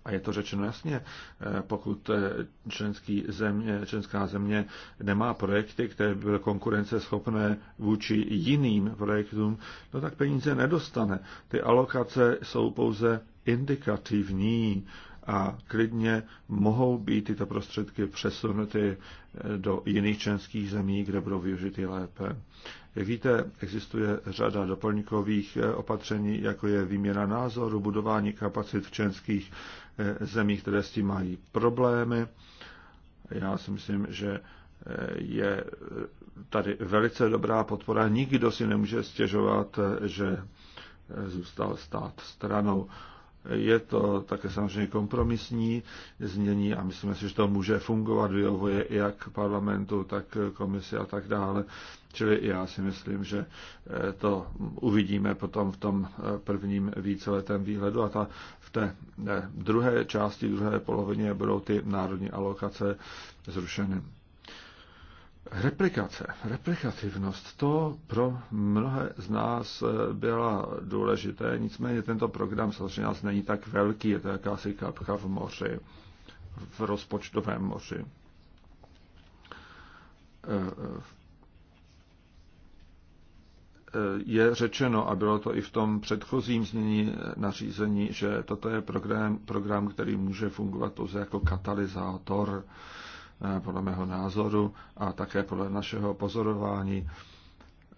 a je to řečeno jasně, eh, pokud eh, členský země, členská země nemá projekty, které by byly konkurenceschopné vůči jiným projektům, no tak peníze nedostane. Ty alokace jsou pouze indikativní a klidně mohou být tyto prostředky přesunuty eh, do jiných členských zemí, kde budou využity lépe. Jak víte, existuje řada doplňkových eh, opatření, jako je výměna názoru, budování kapacit v členských eh, zemích, které s tím mají problémy. Já si myslím, že je tady velice dobrá podpora. Nikdo si nemůže stěžovat, že zůstal stát stranou. Je to také samozřejmě kompromisní znění a myslíme si, že to může fungovat, vyhovuje jak parlamentu, tak komisi a tak dále. Čili já si myslím, že eh, to uvidíme potom v tom eh, prvním víceletém výhledu a ta v té eh, druhé části, druhé polovině budou ty národní alokace zrušeny. Replikace, replikativnost, to pro mnohé z nás eh, byla důležité, nicméně tento program samozřejmě nás není tak velký, je to jakási kapka v moři, v rozpočtovém moři. Eh, eh, je řečeno, a bylo to i v tom předchozím znění nařízení, že toto je program, program který může fungovat pouze jako katalyzátor Eh, podle mého názoru a také podle našeho pozorování,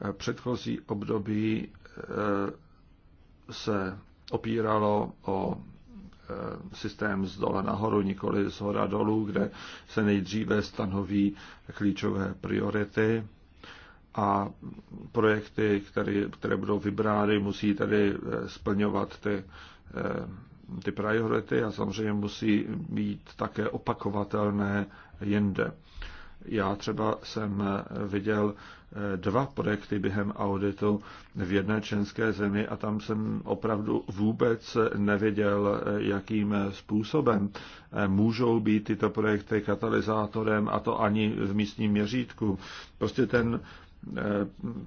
eh, předchozí období eh, se opíralo o systém z dole nahoru, nikoli z hora dolů, kde se nejdříve stanoví klíčové priority a projekty, které, které budou vybrány, musí tedy splňovat ty, ty priority a samozřejmě musí být také opakovatelné jinde. Já třeba jsem viděl eh, dva projekty během auditu v jedné členské zemi a tam jsem opravdu vůbec nevěděl, eh, jakým způsobem eh, můžou být tyto projekty katalyzátorem a to ani v místním měřítku. Prostě ten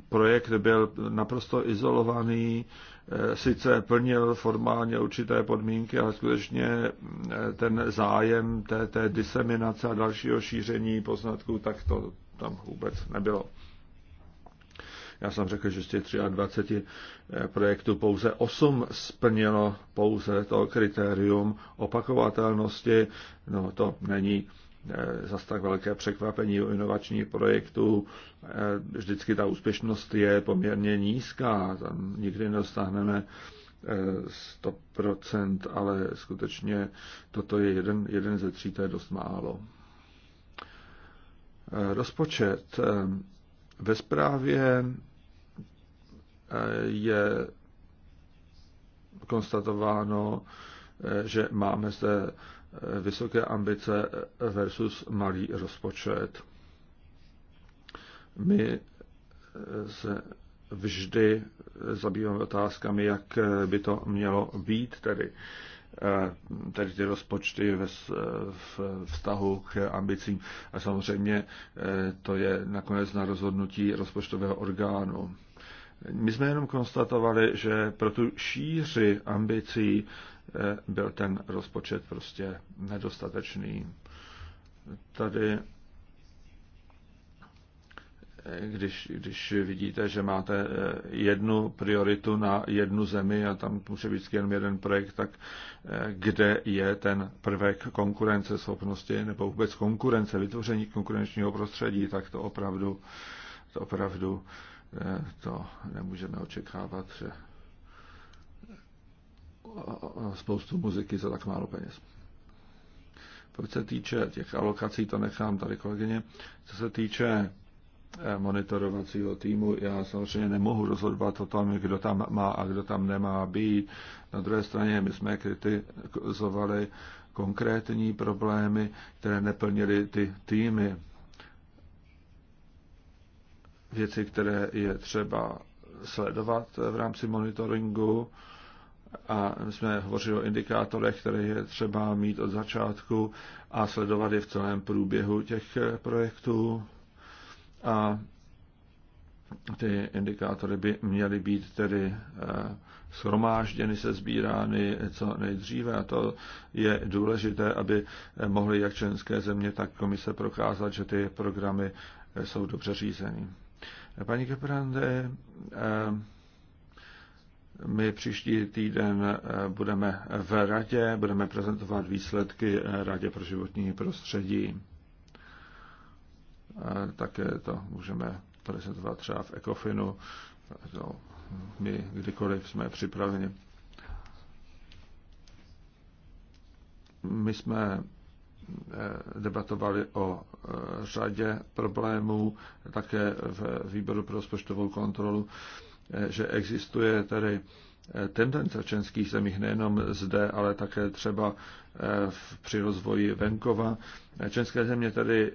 projekt byl naprosto izolovaný, Eh, sice plnil formálně určité podmínky, ale skutečně eh, ten zájem té, té diseminace a dalšího šíření poznatků, tak to tam vůbec nebylo. Já jsem řekl, že z těch 23 eh, projektů pouze 8 splnilo pouze to kritérium opakovatelnosti. No to není Eh, zas tak velké překvapení u inovačních projektů. Eh, vždycky ta úspěšnost je poměrně nízká, tam nikdy nedosáhneme 100%, eh, ale skutečně toto je jeden, jeden ze tří, to je dost málo. Rozpočet. Ve zprávě je konstatováno, že máme zde vysoké ambice versus malý rozpočet. My se vždy zabýváme otázkami, jak by to mělo být, tedy, tedy ty rozpočty ve v vztahu k ambicím. A samozřejmě to je nakonec na rozhodnutí rozpočtového orgánu. My jsme jenom konstatovali, že pro tu šíři ambicí Eh, byl ten rozpočet prostě nedostatečný. Tady eh, když, když vidíte, že máte eh, jednu prioritu na jednu zemi a tam může být jen jeden projekt, tak kde je ten prvek konkurenceschopnosti nebo vůbec konkurence, vytvoření konkurenčního prostředí, tak to opravdu, to opravdu to nemůžeme očekávat, že spoustu muziky za tak málo peněz. Pokud se týče těch alokací, to nechám tady kolegyně. Co se týče eh, monitorovacího týmu, já samozřejmě nemohu rozhodovat o tom, kdo tam má a kdo tam nemá být. Na druhé straně my jsme kritizovali konkrétní problémy, které neplnily ty týmy. Věci, které je třeba sledovat v rámci monitoringu, a my jsme hovořili o indikátorech, které je třeba mít od začátku a sledovat je v celém průběhu těch projektů. A ty indikátory by měly být tedy eh, shromážděny, se sbírány co nejdříve a to je důležité, aby mohly jak členské země, tak komise prokázat, že ty programy jsou dobře řízeny. Paní Keprande, eh, my příští týden eh, budeme v radě, budeme prezentovat výsledky eh, Radě pro životní prostředí. Eh, také to můžeme prezentovat třeba v Ekofinu. my kdykoliv jsme připraveni. My jsme debatovali o řadě problémů, také v výboru pro rozpočtovou kontrolu. Eh, že existuje tady eh, tendence členských zemích nejenom zde, ale také třeba eh, v, při rozvoji venkova. České země tady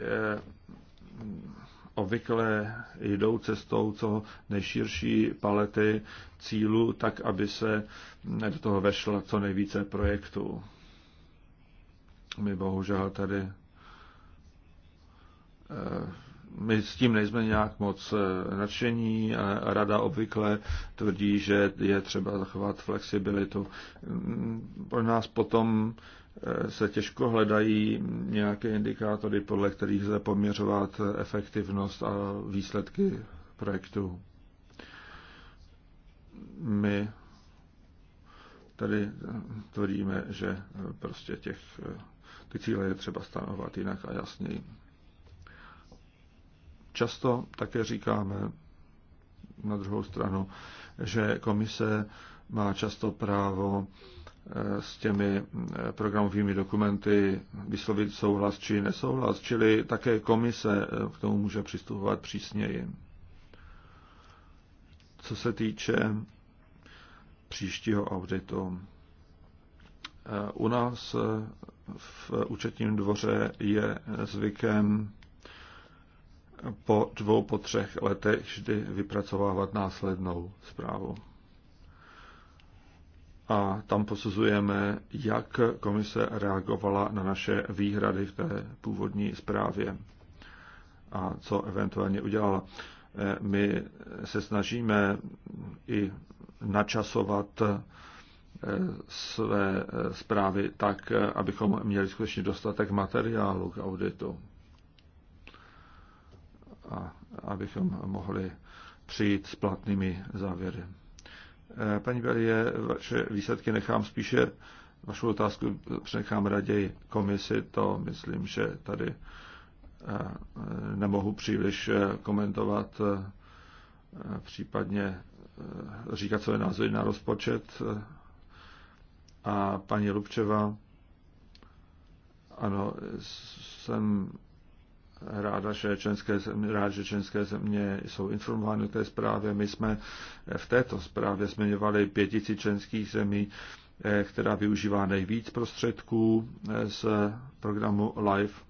obvykle jdou cestou co nejširší palety cílů, tak aby se do toho vešlo co nejvíce projektů. My bohužel tady my s tím nejsme nějak moc eh, nadšení. Rada obvykle tvrdí, že je třeba zachovat flexibilitu. Mm, pro nás potom eh, se těžko hledají nějaké indikátory, podle kterých se poměřovat eh, efektivnost a výsledky projektu. My tady tvrdíme, že prostě těch ty cíle je třeba stanovat jinak a jasněji. Často také říkáme na druhou stranu, že komise má často právo eh, s těmi eh, programovými dokumenty vyslovit souhlas či nesouhlas, čili také komise eh, k tomu může přistupovat přísněji. Co se týče příštího auditu, u nás v účetním dvoře je zvykem po dvou, po třech letech vždy vypracovávat následnou zprávu. A tam posuzujeme, jak komise reagovala na naše výhrady v té původní zprávě a co eventuálně udělala. E, my se snažíme i načasovat e, své e, zprávy tak, abychom měli skutečně dostatek materiálu k auditu a abychom mohli přijít s platnými závěry. Eh, paní Berie, vaše výsledky nechám spíše, vašu otázku přenechám raději komisi, to myslím, že tady eh, nemohu příliš eh, komentovat, případně říkat své názory na rozpočet. A paní Lubčeva, ano, jsem ráda, že členské země, rád, že členské země jsou informovány o té zprávě. My jsme v této zprávě zmiňovali pětici členských zemí, eh, která využívá nejvíc prostředků eh, z programu LIFE.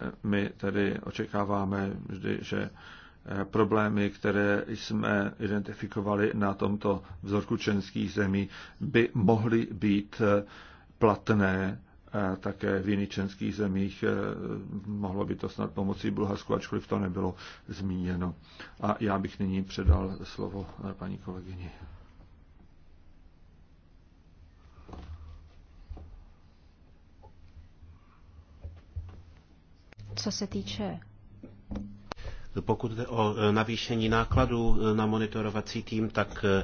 Eh, my tedy očekáváme vždy, že problémy, které jsme identifikovali na tomto vzorku členských zemí, by mohly být platné také v jiných členských zemích. Eh, mohlo by to snad pomoci Bulharsku, ačkoliv to nebylo zmíněno. A já bych nyní předal slovo eh, paní kolegyni. Co se týče pokud jde o e, navýšení nákladů e, na monitorovací tým, tak e,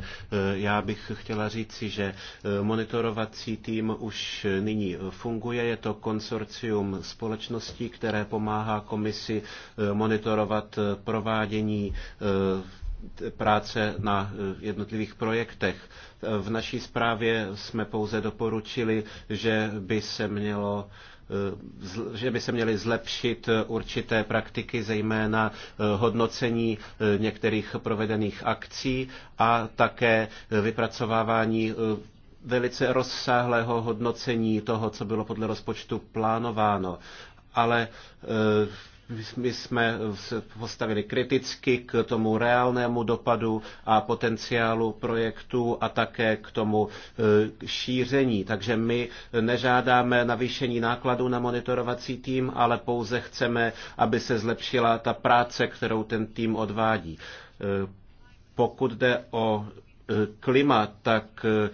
já bych chtěla říci, že monitorovací tým už nyní funguje. Je to konsorcium společností, které pomáhá komisi monitorovat provádění práce na jednotlivých projektech. V naší zprávě jsme pouze doporučili, že by se mělo Eh, že by se měly zlepšit eh, určité praktiky, zejména eh, hodnocení některých provedených akcí a také vypracovávání velice rozsáhlého hodnocení toho, co bylo podle rozpočtu plánováno. Ale my jsme se postavili kriticky k tomu reálnému dopadu a potenciálu projektu a také k tomu e, šíření. Takže my nežádáme navýšení nákladů na monitorovací tým, ale pouze chceme, aby se zlepšila ta práce, kterou ten tým odvádí. E, pokud jde o klima, tak eh,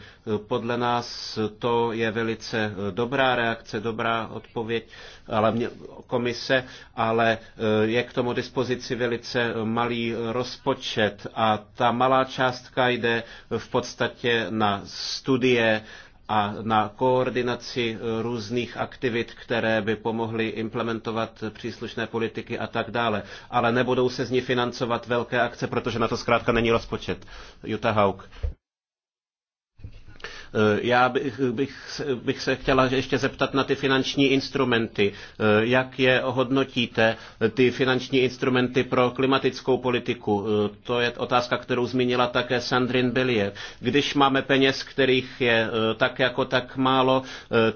podle nás to je velice eh, dobrá reakce, dobrá odpověď ale mě, komise, ale eh, je k tomu dispozici velice malý rozpočet a ta malá částka jde v podstatě na studie, a na koordinaci eh, různých aktivit, které by pomohly implementovat příslušné politiky a tak dále. Ale nebudou se z ní financovat velké akce, protože na to zkrátka není rozpočet. Jutta Haug. Eh, já bych, bych, bych se chtěla ještě zeptat na ty finanční instrumenty. Eh, jak je hodnotíte, ty finanční instrumenty pro klimatickou politiku? Eh, to je otázka, kterou zmínila také Sandrine Bellier. Když máme peněz, kterých je tak jako tak málo,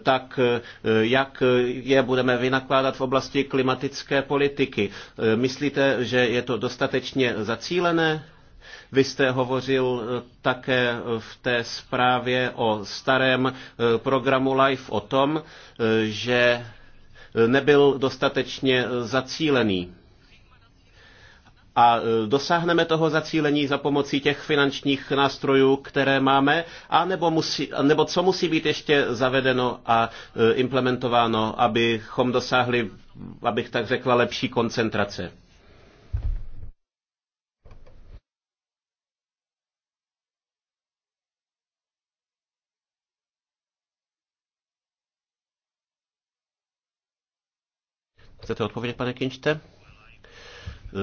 tak jak je budeme vynakládat v oblasti klimatické politiky? Myslíte, že je to dostatečně zacílené? Vy jste hovořil eh, také v té zprávě o starém eh, programu LIFE o tom, eh, že nebyl dostatečně zacílený. A dosáhneme toho zacílení za pomocí těch finančních nástrojů, které máme, a nebo, musí, nebo co musí být ještě zavedeno a implementováno, abychom dosáhli, abych tak řekla, lepší koncentrace? Chcete odpovědět, pane Kinčte?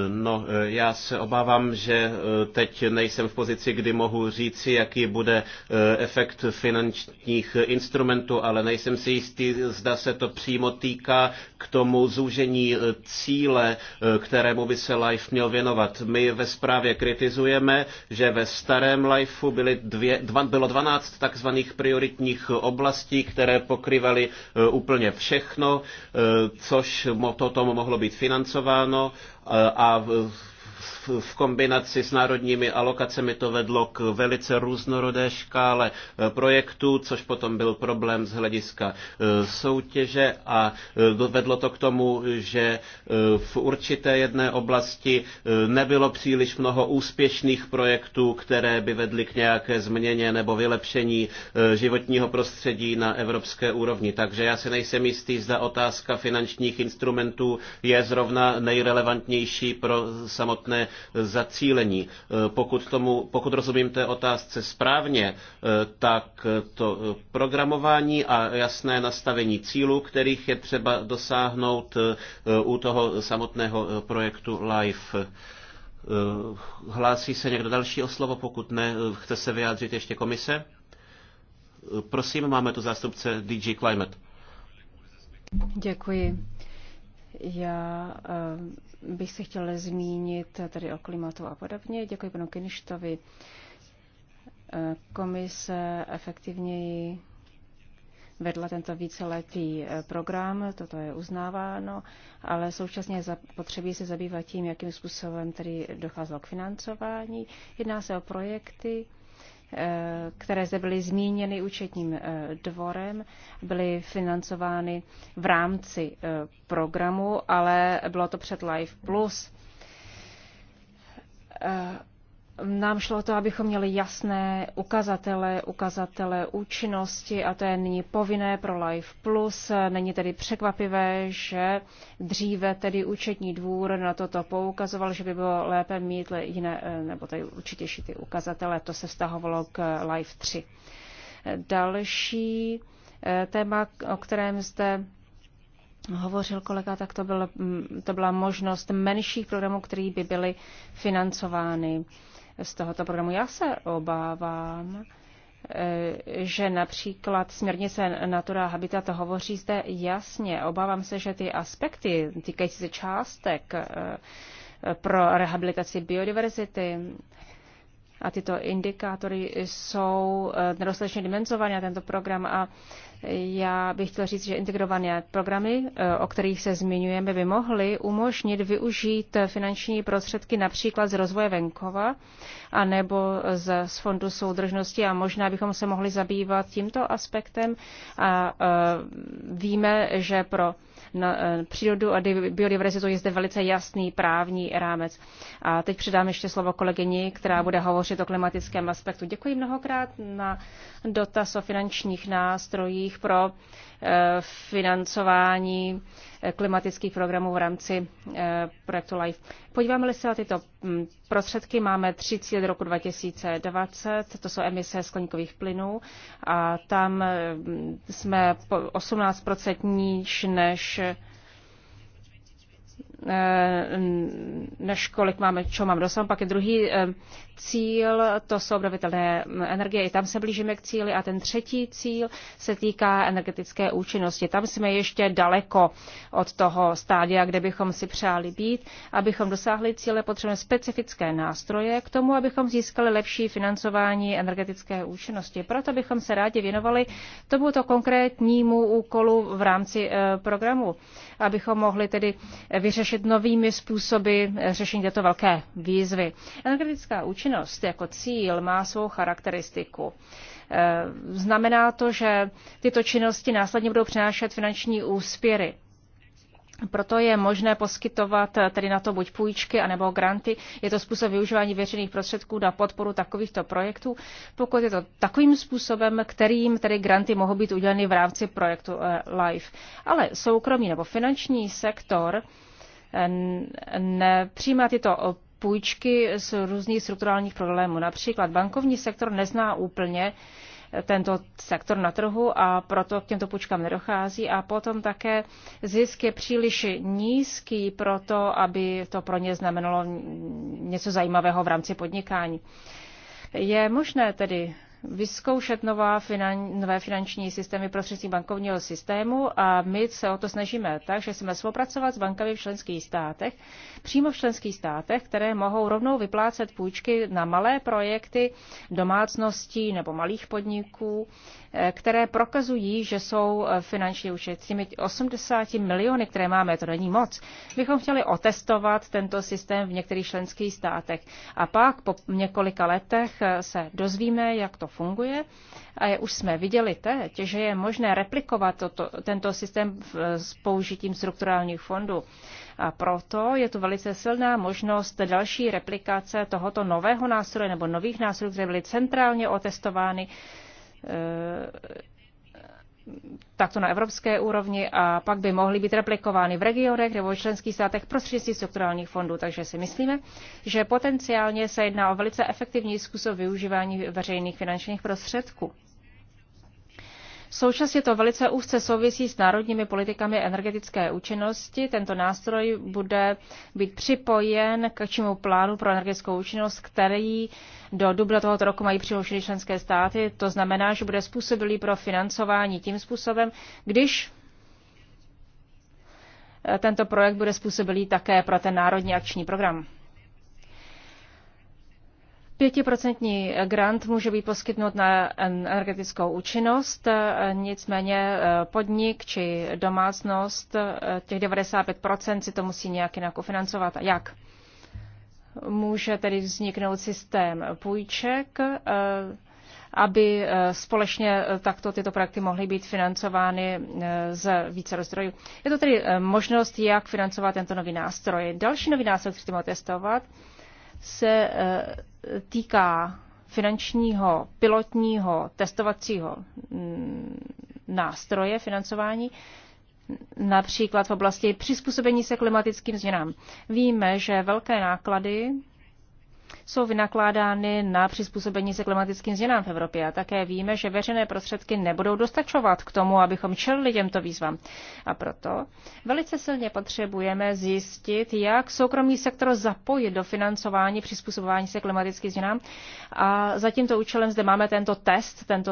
No, eh, já se obávám, že eh, teď nejsem v pozici, kdy mohu říci, jaký bude eh, efekt finančních instrumentů, ale nejsem si jistý, zda se to přímo týká k tomu zúžení cíle, kterému by se LIFE měl věnovat. My ve zprávě kritizujeme, že ve starém LIFE byly dvě, dva, bylo 12 takzvaných prioritních oblastí, které pokryvaly úplně všechno, což to tomu mohlo být financováno a v kombinaci s národními alokacemi to vedlo k velice různorodé škále eh, projektů, což potom byl problém z hlediska eh, soutěže a eh, vedlo to k tomu, že v určité jedné oblasti nebylo příliš mnoho úspěšných projektů, které by vedly k nějaké změně nebo vylepšení životního prostředí na evropské úrovni. Takže já si nejsem jistý, zda otázka finančních instrumentů je zrovna nejrelevantnější pro samotné špatné zacílení. E, pokud, tomu, pokud rozumím té otázce správně, e, tak to e, programování a jasné nastavení cílů, kterých je třeba dosáhnout u toho samotného projektu LIFE. Hlásí se někdo další o slovo? Pokud ne, chce se vyjádřit ještě komise? Prosím, máme tu zástupce DG Climate. Děkuji. Já bych se chtěla zmínit tedy o klimatu a podobně. Děkuji panu Kinštovi. Komise efektivněji vedla tento víceletý eh, program, toto je uznáváno, ale současně potřebí se zabývat tím, jakým způsobem tedy docházelo k financování. Jedná se o projekty, Eh, které zde byly zmíněny účetním eh, dvorem, byly financovány v rámci eh, programu, ale bylo to před Life Plus nám šlo o to, abychom měli jasné ukazatele, ukazatele účinnosti a to je nyní povinné pro Life Plus. Není tedy překvapivé, že dříve tedy účetní dvůr na toto poukazoval, že by bylo lépe mít jiné, eh, nebo tady určitější ty ukazatele, to se vztahovalo k Life 3. Další eh, téma, o kterém zde hovořil kolega, tak to, byl, mm, to byla možnost menších programů, které by byly financovány z tohoto programu. Já se obávám, eh, že například směrnice Natura Habitat hovoří zde jasně. Obávám se, že ty aspekty týkající se částek eh, pro rehabilitaci biodiverzity a tyto indikátory jsou eh, nedostatečně dimenzované na tento program a já bych chtěl říct, že integrované programy, eh, o kterých se zmiňujeme, by mohly umožnit využít finanční prostředky například z rozvoje venkova a nebo z, z fondu soudržnosti a možná bychom se mohli zabývat tímto aspektem a eh, víme, že pro na eh, přírodu a biodiverzitu je zde velice jasný právní rámec. A teď předám ještě slovo kolegyni, která bude hovořit o klimatickém aspektu. Děkuji mnohokrát na dotaz o finančních nástrojích pro financování eh, klimatických programů v rámci eh, projektu LIFE. Podíváme-li se na tyto mm, prostředky, máme tři cíle do roku 2020, to jsou emise skleníkových plynů a tam eh, mm, jsme 18% níž než Eh, než kolik máme, čo mám dosáhnout. Pak je druhý eh, cíl, to jsou obnovitelné energie, i tam se blížíme k cíli. A ten třetí cíl se týká energetické účinnosti. Tam jsme ještě daleko od toho stádia, kde bychom si přáli být. Abychom dosáhli cíle, potřebujeme specifické nástroje k tomu, abychom získali lepší financování energetické účinnosti. Proto bychom se rádi věnovali tomuto konkrétnímu úkolu v rámci eh, programu, abychom mohli tedy vyřešit řešit novými způsoby řešení této velké výzvy. Energetická účinnost jako cíl má svou charakteristiku. Eh, znamená to, že tyto činnosti následně budou přinášet finanční úspěry. Proto je možné poskytovat eh, tedy na to buď půjčky, anebo granty. Je to způsob využívání věřených prostředků na podporu takovýchto projektů, pokud je to takovým způsobem, kterým tedy granty mohou být uděleny v rámci projektu eh, LIFE. Ale soukromý nebo finanční sektor přijímá tyto půjčky z různých strukturálních problémů. Například bankovní sektor nezná úplně eh, tento sektor na trhu a proto k těmto půjčkám nedochází a potom také zisk je příliš nízký pro to, aby to pro ně znamenalo něco zajímavého v rámci podnikání. Je možné tedy vyzkoušet nová finan, nové finanční systémy prostřednictvím bankovního systému a my se o to snažíme tak, že chceme spolupracovat s bankami v členských státech, přímo v členských státech, které mohou rovnou vyplácet půjčky na malé projekty domácností nebo malých podniků, eh, které prokazují, že jsou eh, finančně účet. Těmi 80 miliony, které máme, to není moc, bychom chtěli otestovat tento systém v některých členských státech. A pak po několika letech eh, se dozvíme, jak to funguje a je, už jsme viděli teď, že je možné replikovat toto, tento systém s použitím strukturálních fondů. A proto je tu velice silná možnost další replikace tohoto nového nástroje nebo nových nástrojů, které byly centrálně otestovány eh, takto na evropské úrovni a pak by mohly být replikovány v regionech nebo v členských státech prostřednictvím strukturálních fondů. Takže si myslíme, že potenciálně se jedná o velice efektivní způsob využívání veřejných finančních prostředků. Současně to velice úzce souvisí s národními politikami energetické účinnosti. Tento nástroj bude být připojen k čímu plánu pro energetickou účinnost, který do dubna tohoto roku mají přiloženy členské státy. To znamená, že bude způsobilý pro financování tím způsobem, když eh, tento projekt bude způsobilý také pro ten národní akční program. Pětiprocentní grant může být poskytnut na energetickou účinnost, nicméně eh, podnik či domácnost eh, těch 95% si to musí nějak jinak ufinancovat. A jak? Může tedy vzniknout systém půjček, eh, aby společně takto tyto projekty mohly být financovány z více zdrojů. Je to tedy možnost, jak financovat tento nový nástroj. Další nový nástroj, který chceme testovat, se eh, týká finančního pilotního testovacího mm, nástroje financování, například v oblasti přizpůsobení se klimatickým změnám. Víme, že velké náklady jsou vynakládány na přizpůsobení se klimatickým změnám v Evropě. A také víme, že veřejné prostředky nebudou dostačovat k tomu, abychom čelili těmto výzvám. A proto velice silně potřebujeme zjistit, jak soukromý sektor zapojit do financování přizpůsobování se klimatickým změnám. A za tímto účelem zde máme tento test, tento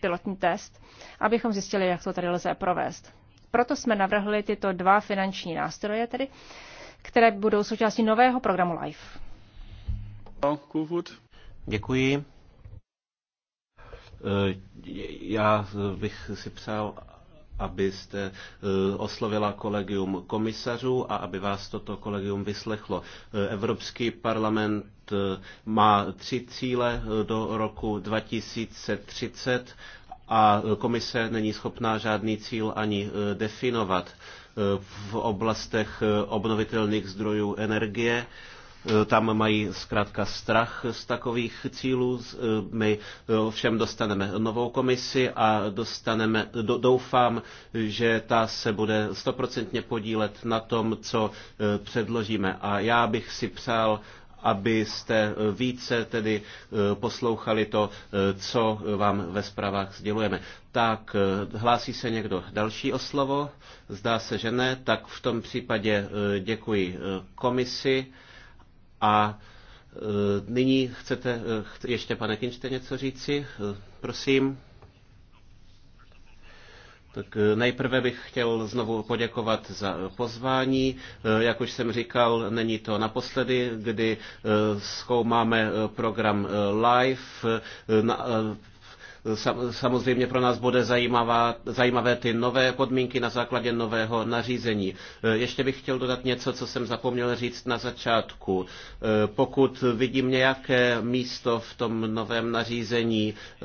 pilotní test, abychom zjistili, jak to tady lze provést. Proto jsme navrhli tyto dva finanční nástroje, tedy, které budou součástí nového programu LIFE. Děkuji. Eh, já bych si přál, abyste eh, oslovila kolegium komisařů a aby vás toto kolegium vyslechlo. Eh, Evropský parlament má tři cíle do roku 2030 a komise není schopná žádný cíl ani definovat v oblastech obnovitelných zdrojů energie Eh, tam mají zkrátka strach z takových cílů. Eh, my eh, ovšem dostaneme novou komisi a dostaneme, doufám, že ta se bude stoprocentně podílet na tom, co předložíme. A já bych si přál, abyste více tedy poslouchali to, co vám ve zprávách sdělujeme. Tak, hlásí se někdo další o slovo? Zdá se, že ne. Tak v tom případě děkuji komisi a e, nyní chcete e, ještě, pane Kinčte, něco říci? E, prosím. Tak nejprve bych chtěl znovu poděkovat za pozvání. Jak už jsem říkal, není to naposledy, kdy zkoumáme program live. Samozřejmě pro nás bude zajímavá, zajímavé ty nové podmínky na základě nového nařízení. E, ještě bych chtěl dodat něco, co jsem zapomněl říct na začátku. E, pokud vidím nějaké místo v tom novém nařízení, e,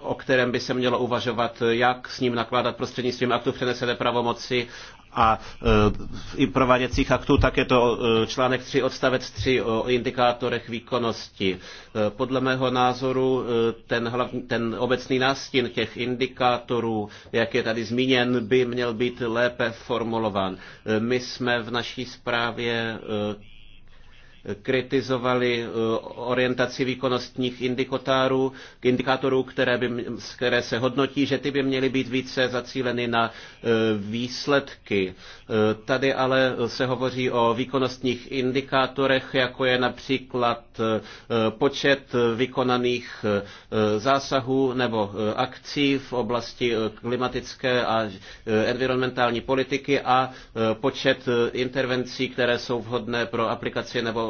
o kterém by se mělo uvažovat, jak s ním nakládat prostřednictvím aktu přenesené pravomoci a e, i prováděcích aktů, tak je to e, článek 3 odstavec 3 o indikátorech výkonnosti. E, podle mého názoru ten, hlavní, ten obecný nástin těch indikátorů, jak je tady zmíněn, by měl být lépe formulován. My jsme v naší zprávě kritizovali eh, orientaci výkonnostních indikátorů, indikátorů které, by, které se hodnotí, že ty by měly být více zacíleny na eh, výsledky. Eh, tady ale se hovoří o výkonnostních indikátorech, jako je například počet vykonaných zásahů nebo akcí v oblasti klimatické a environmentální politiky a počet intervencí, které jsou vhodné pro aplikaci nebo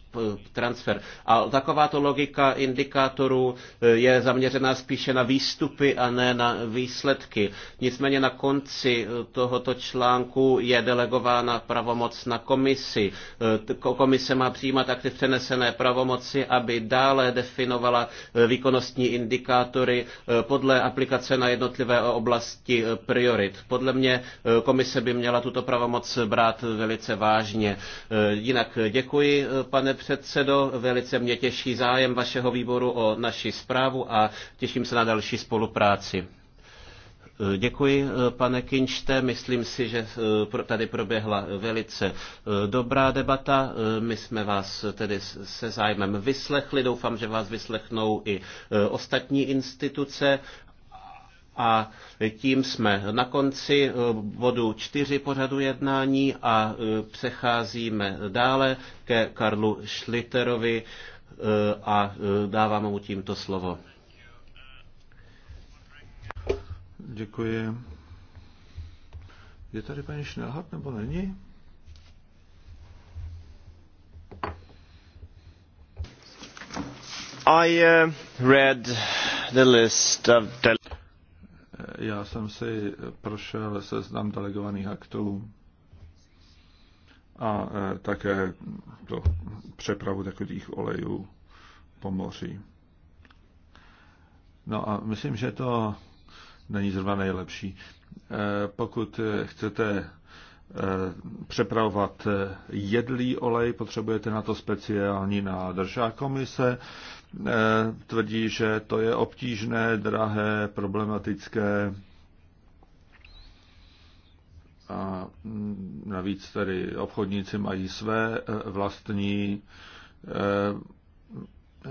transfer. A takováto logika indikátorů e, je zaměřená spíše na výstupy a ne na výsledky. Nicméně na konci e, tohoto článku je delegována pravomoc na komisi. E, komise má přijímat v přenesené pravomoci, aby dále definovala výkonnostní indikátory podle aplikace na jednotlivé oblasti priorit. Podle mě komise by měla tuto pravomoc brát velice vážně. Jinak děkuji, pane předsedo. Velice mě těší zájem vašeho výboru o naši zprávu a těším se na další spolupráci. Děkuji, pane Kinčte. Myslím si, že eh, tady proběhla velice eh, dobrá debata. Eh, my jsme vás tedy se zájmem vyslechli. Doufám, že vás vyslechnou i ostatní instituce a tím jsme na konci eh, bodu 4 pořadu jednání a eh, přecházíme dále ke Karlu Schlitterovi eh, a dávám mu tímto slovo. Děkuji. Je tady paní Šnelhat nebo není? I uh, read the list of the já jsem si prošel seznam delegovaných aktů a e, také to přepravu takových olejů po moři. No a myslím, že to není zrovna nejlepší. E, pokud chcete Eh, přepravovat eh, jedlý olej, potřebujete na to speciální nádrž. A komise eh, tvrdí, že to je obtížné, drahé, problematické. A mm, navíc tedy obchodníci mají své vlastní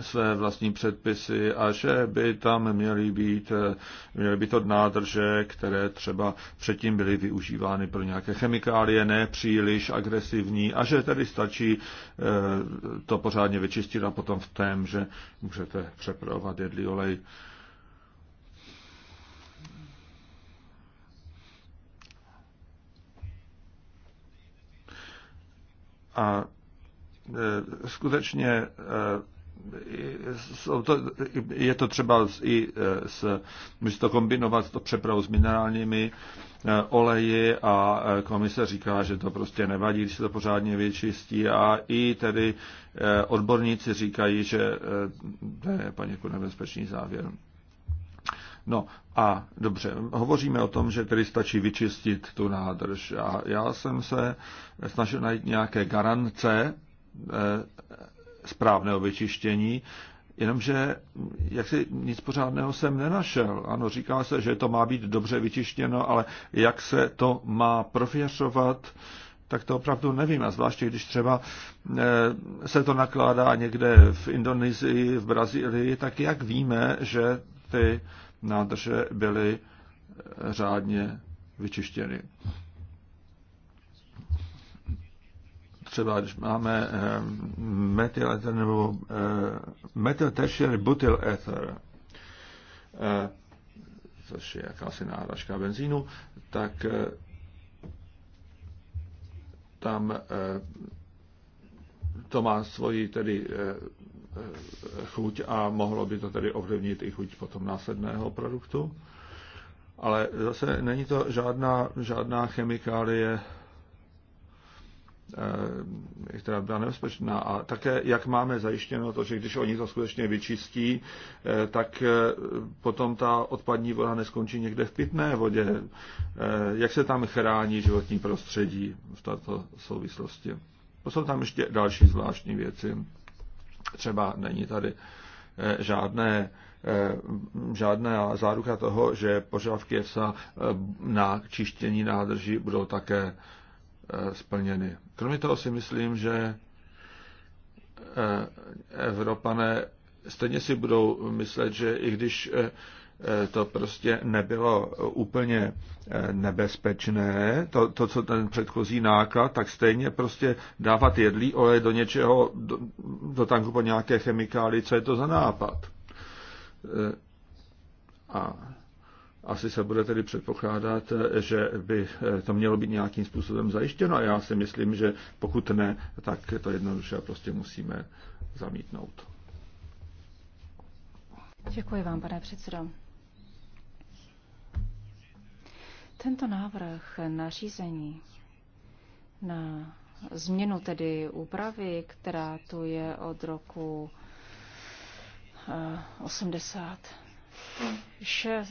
své vlastní předpisy a že by tam měly být, eh, měly být od nádrže, které třeba předtím byly využívány pro nějaké chemikálie, ne příliš agresivní a že tedy stačí eh, to pořádně vyčistit a potom v tém, že můžete přepravovat jedlý olej. A eh, skutečně je to třeba i e, s, může to kombinovat s to přepravu s minerálními e, oleji a e, komise říká, že to prostě nevadí, když se to pořádně vyčistí a i tedy odborníci říkají, že to je poněkud nebezpečný závěr. No a dobře, hovoříme o tom, že tedy stačí vyčistit tu nádrž a já jsem se snažil najít nějaké garance, správného vyčištění, jenomže jak si nic pořádného jsem nenašel. Ano, říká se, že to má být dobře vyčištěno, ale jak se to má prověřovat, tak to opravdu nevím. A zvláště, když třeba eh, se to nakládá někde v Indonésii, v Brazílii, tak jak víme, že ty nádrže byly eh, řádně vyčištěny. třeba když máme eh, ether nebo eh, metyl tertiary butyl ether, eh, což je jakási náhražka benzínu, tak tam to má svoji tedy chuť a mohlo by to tedy ovlivnit i chuť potom následného produktu. Ale zase není to žádná, žádná chemikálie Eh, která byla nebezpečná. A také, jak máme zajištěno to, že když oni to skutečně vyčistí, eh, tak eh, potom ta odpadní voda neskončí někde v pitné vodě. Jak se tam chrání životní prostředí v této souvislosti? Potom tam ještě další zvláštní věci. Třeba není tady žádné žádná záruka toho, že požadavky EFSA na čištění nádrží budou také Eh, splněny. Kromě toho si myslím, že eh, Evropané stejně si budou myslet, že i když eh, to prostě nebylo úplně nebezpečné, to, to co ten předchozí náklad, tak stejně prostě dávat jedlý olej do něčeho, do, do tanku po nějaké chemikálii, co je to za nápad. A asi se bude tedy předpokládat, že by eh, to mělo být nějakým způsobem zajištěno a já si myslím, že pokud ne, tak to jednoduše prostě musíme zamítnout. Děkuji vám, pane předsedo. Tento návrh nařízení na změnu tedy úpravy, která tu je od roku 80 eh,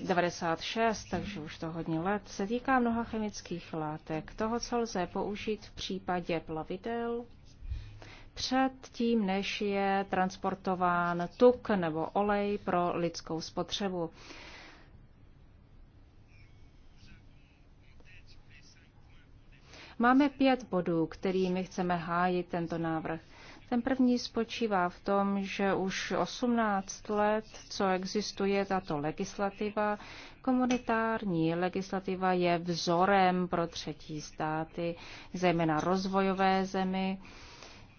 96, takže už to hodně let, se týká mnoha chemických látek. Toho, co lze použít v případě plavidel, před tím, než je transportován tuk nebo olej pro lidskou spotřebu. Máme pět bodů, kterými chceme hájit tento návrh. Ten první spočívá v tom, že už 18 let, co existuje tato legislativa, komunitární legislativa je vzorem pro třetí státy, zejména rozvojové zemi,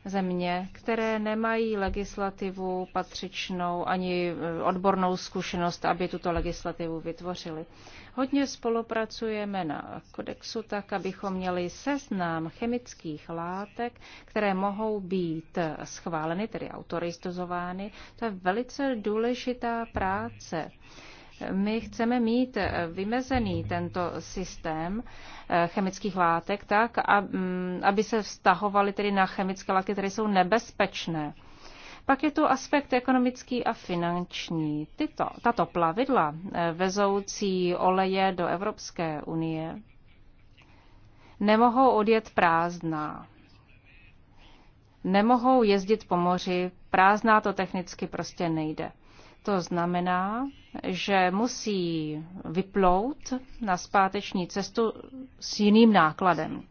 země, které nemají legislativu patřičnou ani eh, odbornou zkušenost, aby tuto legislativu vytvořili. Hodně spolupracujeme na kodexu tak, abychom měli seznám chemických látek, které mohou být schváleny, tedy autorizovány. To je velice důležitá práce. My chceme mít eh, vymezený tento systém eh, chemických látek tak, mm, aby se vztahovaly tedy na chemické látky, které jsou nebezpečné. Pak je tu aspekt ekonomický a finanční. Tyto, tato plavidla eh, vezoucí oleje do Evropské unie nemohou odjet prázdná. Nemohou jezdit po moři, prázdná to technicky prostě nejde. To znamená, že musí vyplout na zpáteční cestu s jiným nákladem.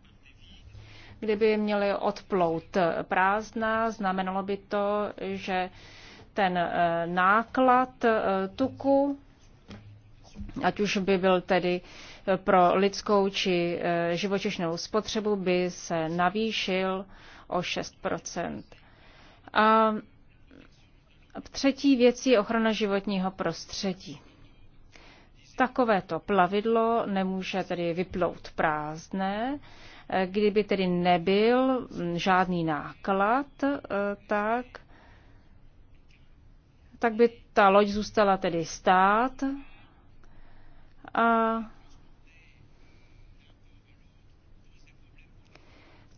Kdyby měli odplout prázdná, znamenalo by to, že ten e, náklad e, tuku, ať už by byl tedy e, pro lidskou či živočišnou spotřebu, by se navýšil o 6 A Třetí věc je ochrana životního prostředí. Takovéto plavidlo nemůže tedy vyplout prázdné. Eh, kdyby tedy nebyl mm, žádný náklad, eh, tak, tak by ta loď zůstala tedy stát a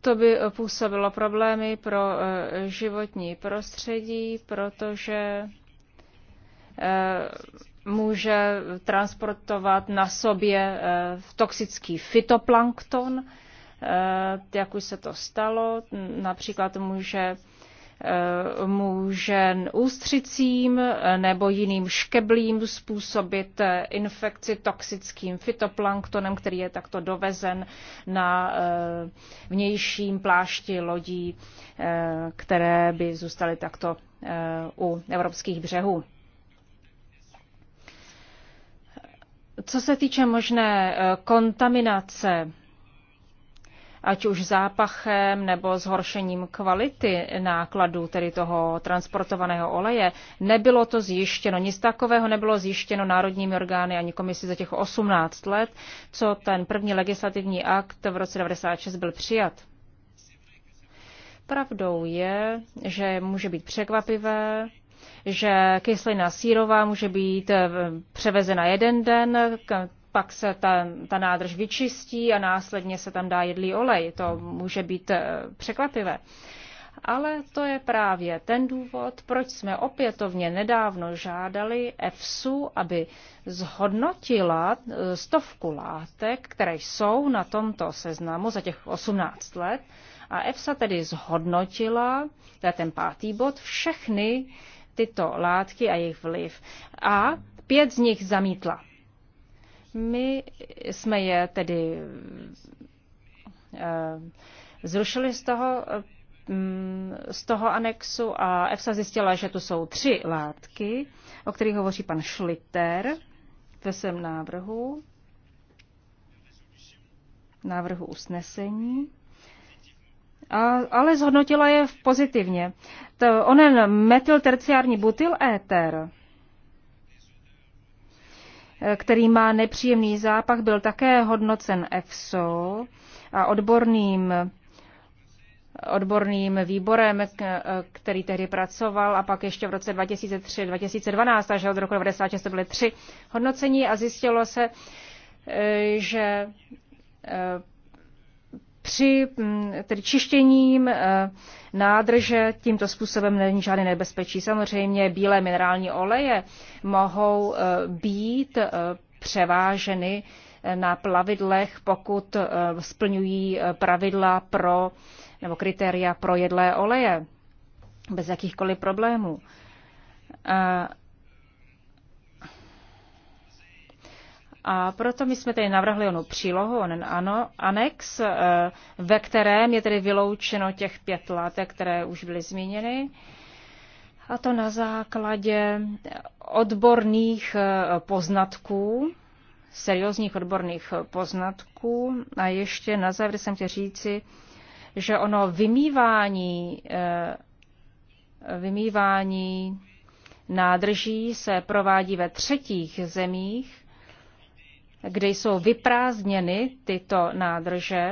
To by eh, působilo problémy pro eh, životní prostředí, protože eh, může transportovat na sobě toxický fitoplankton, jak už se to stalo. Například může Eh, může ústřicím nebo jiným škeblím způsobit eh, infekci toxickým fitoplanktonem, který je takto dovezen na eh, vnějším plášti lodí, které by zůstaly takto u evropských břehů. Co se týče možné kontaminace ať už zápachem nebo zhoršením kvality nákladu tedy toho transportovaného oleje. Nebylo to zjištěno, nic takového nebylo zjištěno národními orgány ani komisi za těch 18 let, co ten první legislativní akt v roce 1996 byl přijat. Pravdou je, že může být překvapivé, že kyselina sírová může být eh, převezena jeden den, pak se ta, ta nádrž vyčistí a následně se tam dá jedlý olej. To může být eh, překvapivé. Ale to je právě ten důvod, proč jsme opětovně nedávno žádali EFSU, aby zhodnotila eh, stovku látek, které jsou na tomto seznamu za těch 18 let. A EFSA tedy zhodnotila, to je ten pátý bod, všechny tyto látky a jejich vliv. A pět z nich zamítla. My jsme je tedy eh, zrušili z toho, mm, z toho anexu a EFSA zjistila, že tu jsou tři látky, o kterých hovoří pan Schlitter ve svém návrhu, návrhu usnesení. A, ale zhodnotila je pozitivně. To onen terciární butyl éter, který má nepříjemný zápach, byl také hodnocen EFSO a odborným odborným výborem, který tehdy pracoval a pak ještě v roce 2003-2012, takže od roku 1996 to byly tři hodnocení a zjistilo se, e, že e, při mm, tedy čištěním eh, nádrže tímto způsobem není žádné nebezpečí. Samozřejmě bílé minerální oleje mohou eh, být eh, převáženy na plavidlech, pokud splňují pravidla pro nebo kritéria pro jedlé oleje bez jakýchkoliv problémů. A proto my jsme tady navrhli onu přílohu, onen ano, anex, eh, ve kterém je tedy vyloučeno těch pět látek, které už byly zmíněny. A to na základě odborných eh, poznatků, seriózních odborných poznatků. A ještě na závěr jsem chtěl říci, že ono vymývání, eh, vymývání nádrží se provádí ve třetích zemích, kde jsou vyprázdněny tyto nádrže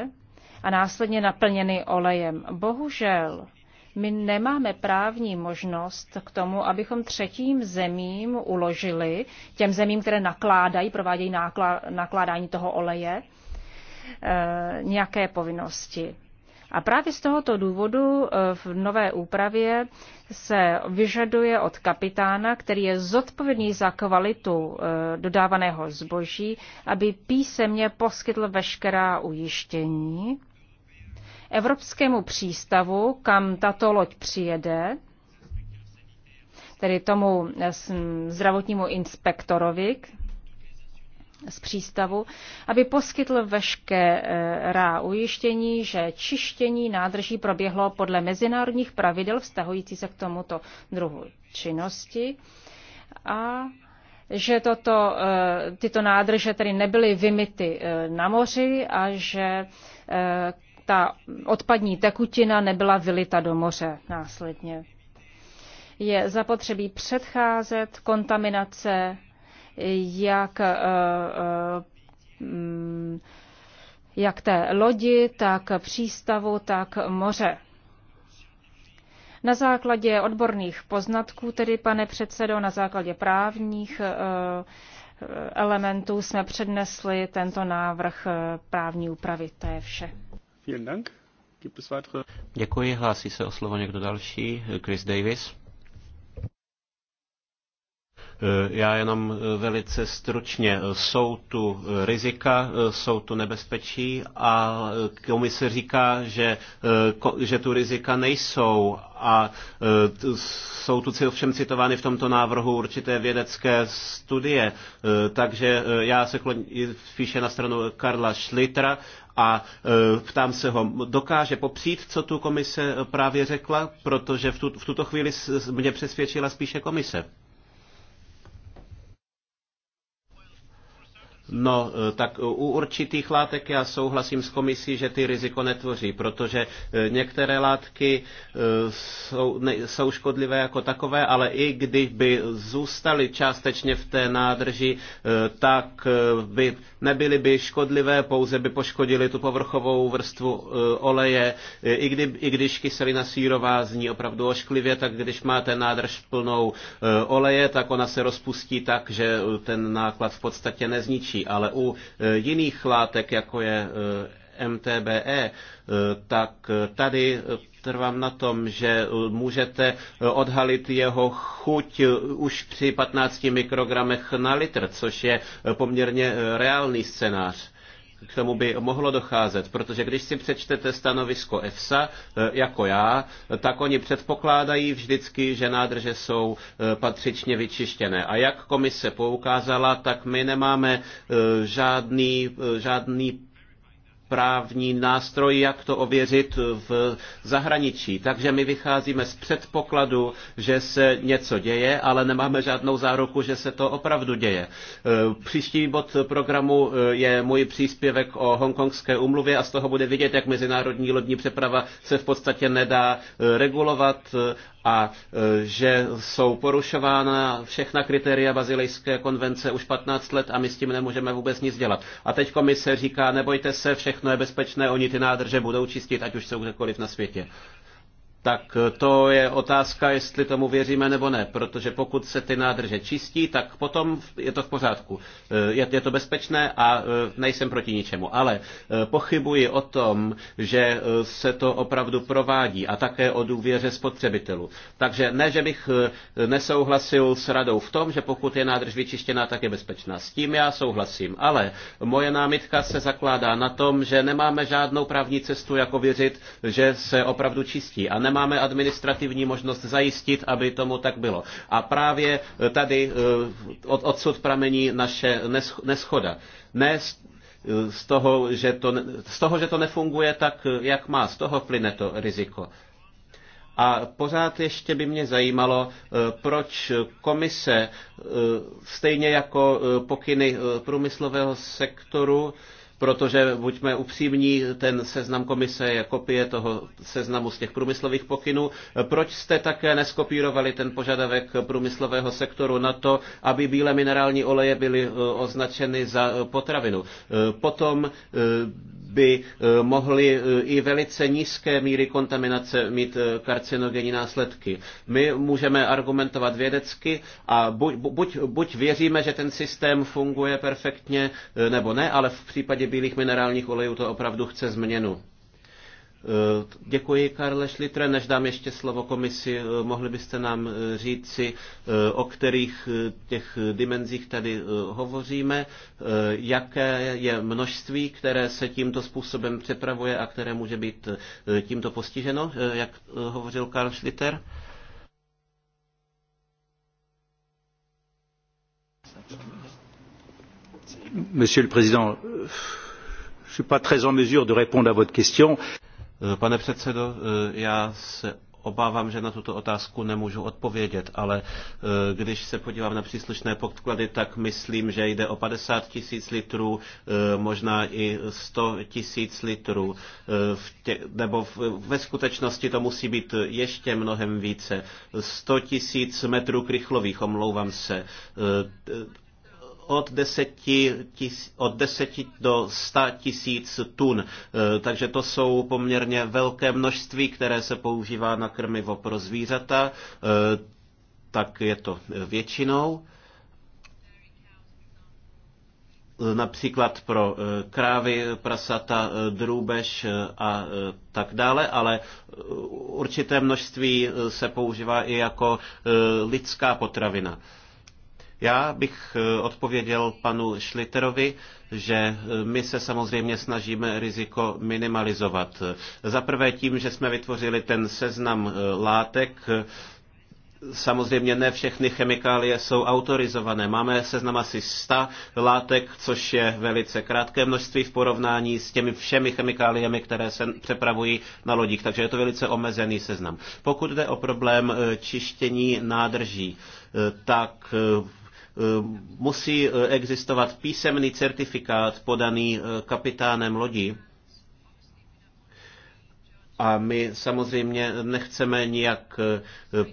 a následně naplněny olejem. Bohužel, my nemáme právní možnost k tomu, abychom třetím zemím uložili, těm zemím, které nakládají, provádějí nakládání toho oleje, eh, nějaké povinnosti. A právě z tohoto důvodu eh, v nové úpravě se vyžaduje od kapitána, který je zodpovědný za kvalitu eh, dodávaného zboží, aby písemně poskytl veškerá ujištění evropskému přístavu, kam tato loď přijede, tedy tomu eh, zdravotnímu inspektorovi, z přístavu, aby poskytl veškerá eh, ujištění, že čištění nádrží proběhlo podle mezinárodních pravidel vztahující se k tomuto druhu činnosti a že toto, eh, tyto nádrže tedy nebyly vymity eh, na moři a že ta odpadní tekutina nebyla vylita do moře následně. Je zapotřebí předcházet kontaminace jak eh, eh, mm, jak té lodi, tak přístavu, tak moře. Na základě odborných poznatků, tedy pane předsedo, na základě právních eh, elementů jsme přednesli tento návrh právní úpravy. To je vše. Děkuji. Hlásí se o slovo někdo další? Chris Davis. Já jenom velice stručně. Jsou tu rizika, jsou tu nebezpečí a komise říká, že, že tu rizika nejsou a e, jsou tu si ovšem citovány v tomto návrhu určité vědecké studie. E, takže e, já se kloním spíše na stranu Karla Schlitra a ptám se ho, dokáže popřít, co tu komise právě řekla, protože v, tu, v tuto chvíli mě přesvědčila spíše komise. No, e, tak u určitých látek já souhlasím s komisí, že ty riziko netvoří, protože e, některé látky e, jsou, ne, jsou škodlivé jako takové, ale i kdyby zůstaly částečně v té nádrži, tak by nebyly by škodlivé, pouze by poškodily tu povrchovou vrstvu oleje. I, kdy, i když kyselina sírová zní opravdu ošklivě, tak když máte nádrž plnou oleje, tak ona se rozpustí tak, že ten náklad v podstatě nezničí nemocí, ale u eh, jiných látek, jako je eh, MTBE, eh, tak tady trvám na tom, že můžete odhalit jeho chuť už při 15 mikrogramech na litr, což je poměrně reálný scénář k tomu by mohlo docházet, protože když si přečtete stanovisko EFSA, e, jako já, tak oni předpokládají vždycky, že nádrže jsou e, patřičně vyčištěné. A jak komise poukázala, tak my nemáme e, žádný, žádný právní nástroj, jak to ověřit v zahraničí. Takže my vycházíme z předpokladu, že se něco děje, ale nemáme žádnou záruku, že se to opravdu děje. E, příští bod programu e, je můj příspěvek o hongkongské umluvě a z toho bude vidět, jak mezinárodní lodní přeprava se v podstatě nedá e, regulovat a e, že jsou porušována všechna kritéria Bazilejské konvence už 15 let a my s tím nemůžeme vůbec nic dělat. A teď komise říká, nebojte se, všechno je bezpečné, oni ty nádrže budou čistit, ať už jsou kdekoliv na světě tak to je otázka, jestli tomu věříme nebo ne, protože pokud se ty nádrže čistí, tak potom je to v pořádku. Eh, je, to bezpečné a eh, nejsem proti ničemu. Ale eh, pochybuji o tom, že se to opravdu provádí a také o důvěře spotřebitelů. Takže ne, že bych nesouhlasil s radou v tom, že pokud je nádrž vyčištěná, tak je bezpečná. S tím já souhlasím. Ale moje námitka se zakládá na tom, že nemáme žádnou právní cestu, jako věřit, že se opravdu čistí. A ne nemáme administrativní možnost zajistit, aby tomu tak bylo. A právě eh, tady eh, od, odsud pramení naše neschoda. Ne eh, z toho, že to, z toho, že to nefunguje tak, jak má, z toho plyne to riziko. A pořád ještě by mě zajímalo, proč komise, stejně jako pokyny průmyslového sektoru, protože buďme upřímní, ten seznam komise je kopie toho seznamu z těch průmyslových pokynů. Proč jste také neskopírovali ten požadavek průmyslového sektoru na to, aby bílé minerální oleje byly eh, označeny za eh, potravinu? Eh, potom by mohly i velice nízké míry kontaminace mít karcinogenní následky. My můžeme argumentovat vědecky a buď, buď, buď věříme, že ten systém funguje perfektně, nebo ne, ale v případě bílých minerálních olejů to opravdu chce změnu. E, děkuji, Karle Šlitre. Než dám ještě slovo komisi, e, mohli byste nám e, říci, o kterých těch dimenzích tady hovoříme, jaké je množství, které se tímto způsobem přepravuje a které může být tímto postiženo, jak hovořil Karl Šliter. Thank you. Monsieur le Président, je suis pas très en mesure de répondre à votre question. Eh, pane předsedo, eh, já se obávám, že na tuto otázku nemůžu odpovědět, ale eh, když se podívám na příslušné podklady, tak myslím, že jde o 50 tisíc litrů, možná i 100 tisíc litrů, tě, nebo v, ve skutečnosti to musí být ještě mnohem více. 100 tisíc metrů krychlových, omlouvám se od 10, tis, od 10 do 100 tisíc tun. E, takže to jsou poměrně velké množství, které se používá na krmivo pro zvířata. E, tak je to většinou například pro e, krávy, prasata, drůbež a tak dále, ale určité množství se používá i jako lidská potravina. Já bych eh, odpověděl panu Šliterovi, že eh, my se samozřejmě snažíme riziko minimalizovat. Za prvé tím, že jsme vytvořili ten seznam eh, látek, Samozřejmě ne všechny chemikálie jsou autorizované. Máme seznam asi 100 látek, což je velice krátké množství v porovnání s těmi všemi chemikáliemi, které se přepravují na lodích, takže je to velice omezený seznam. Pokud jde o problém čištění nádrží, tak Eh, musí eh, existovat písemný certifikát podaný eh, kapitánem lodi. A my samozřejmě nechceme nijak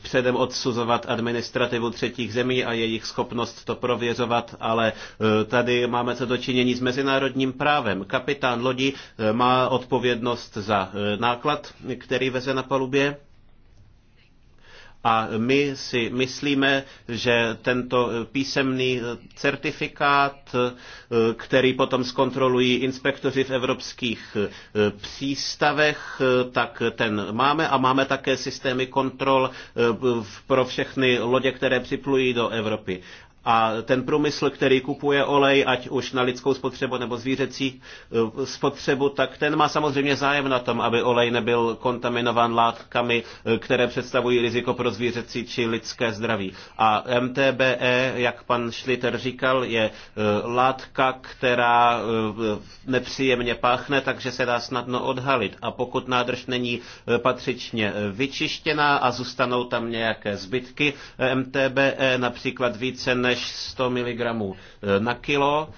předem odsuzovat administrativu třetích zemí a jejich schopnost to prověřovat, ale tady máme co dočinění s mezinárodním právem. Kapitán lodi má odpovědnost za náklad, který veze na palubě a my si myslíme, že tento písemný certifikát, který potom zkontrolují inspektoři v evropských přístavech, tak ten máme a máme také systémy kontrol pro všechny lodě, které připlují do Evropy. A ten průmysl, který kupuje olej, ať už na lidskou spotřebu nebo zvířecí eh, spotřebu, tak ten má samozřejmě zájem na tom, aby olej nebyl kontaminován látkami, eh, které představují riziko pro zvířecí či lidské zdraví. A MTBE, jak pan Schlitter říkal, je eh, látka, která nepříjemně páchne, takže se dá snadno odhalit. A pokud nádrž není patřičně vyčištěná a zůstanou tam nějaké zbytky MTBE, například více než než 100 mg eh, na kilo,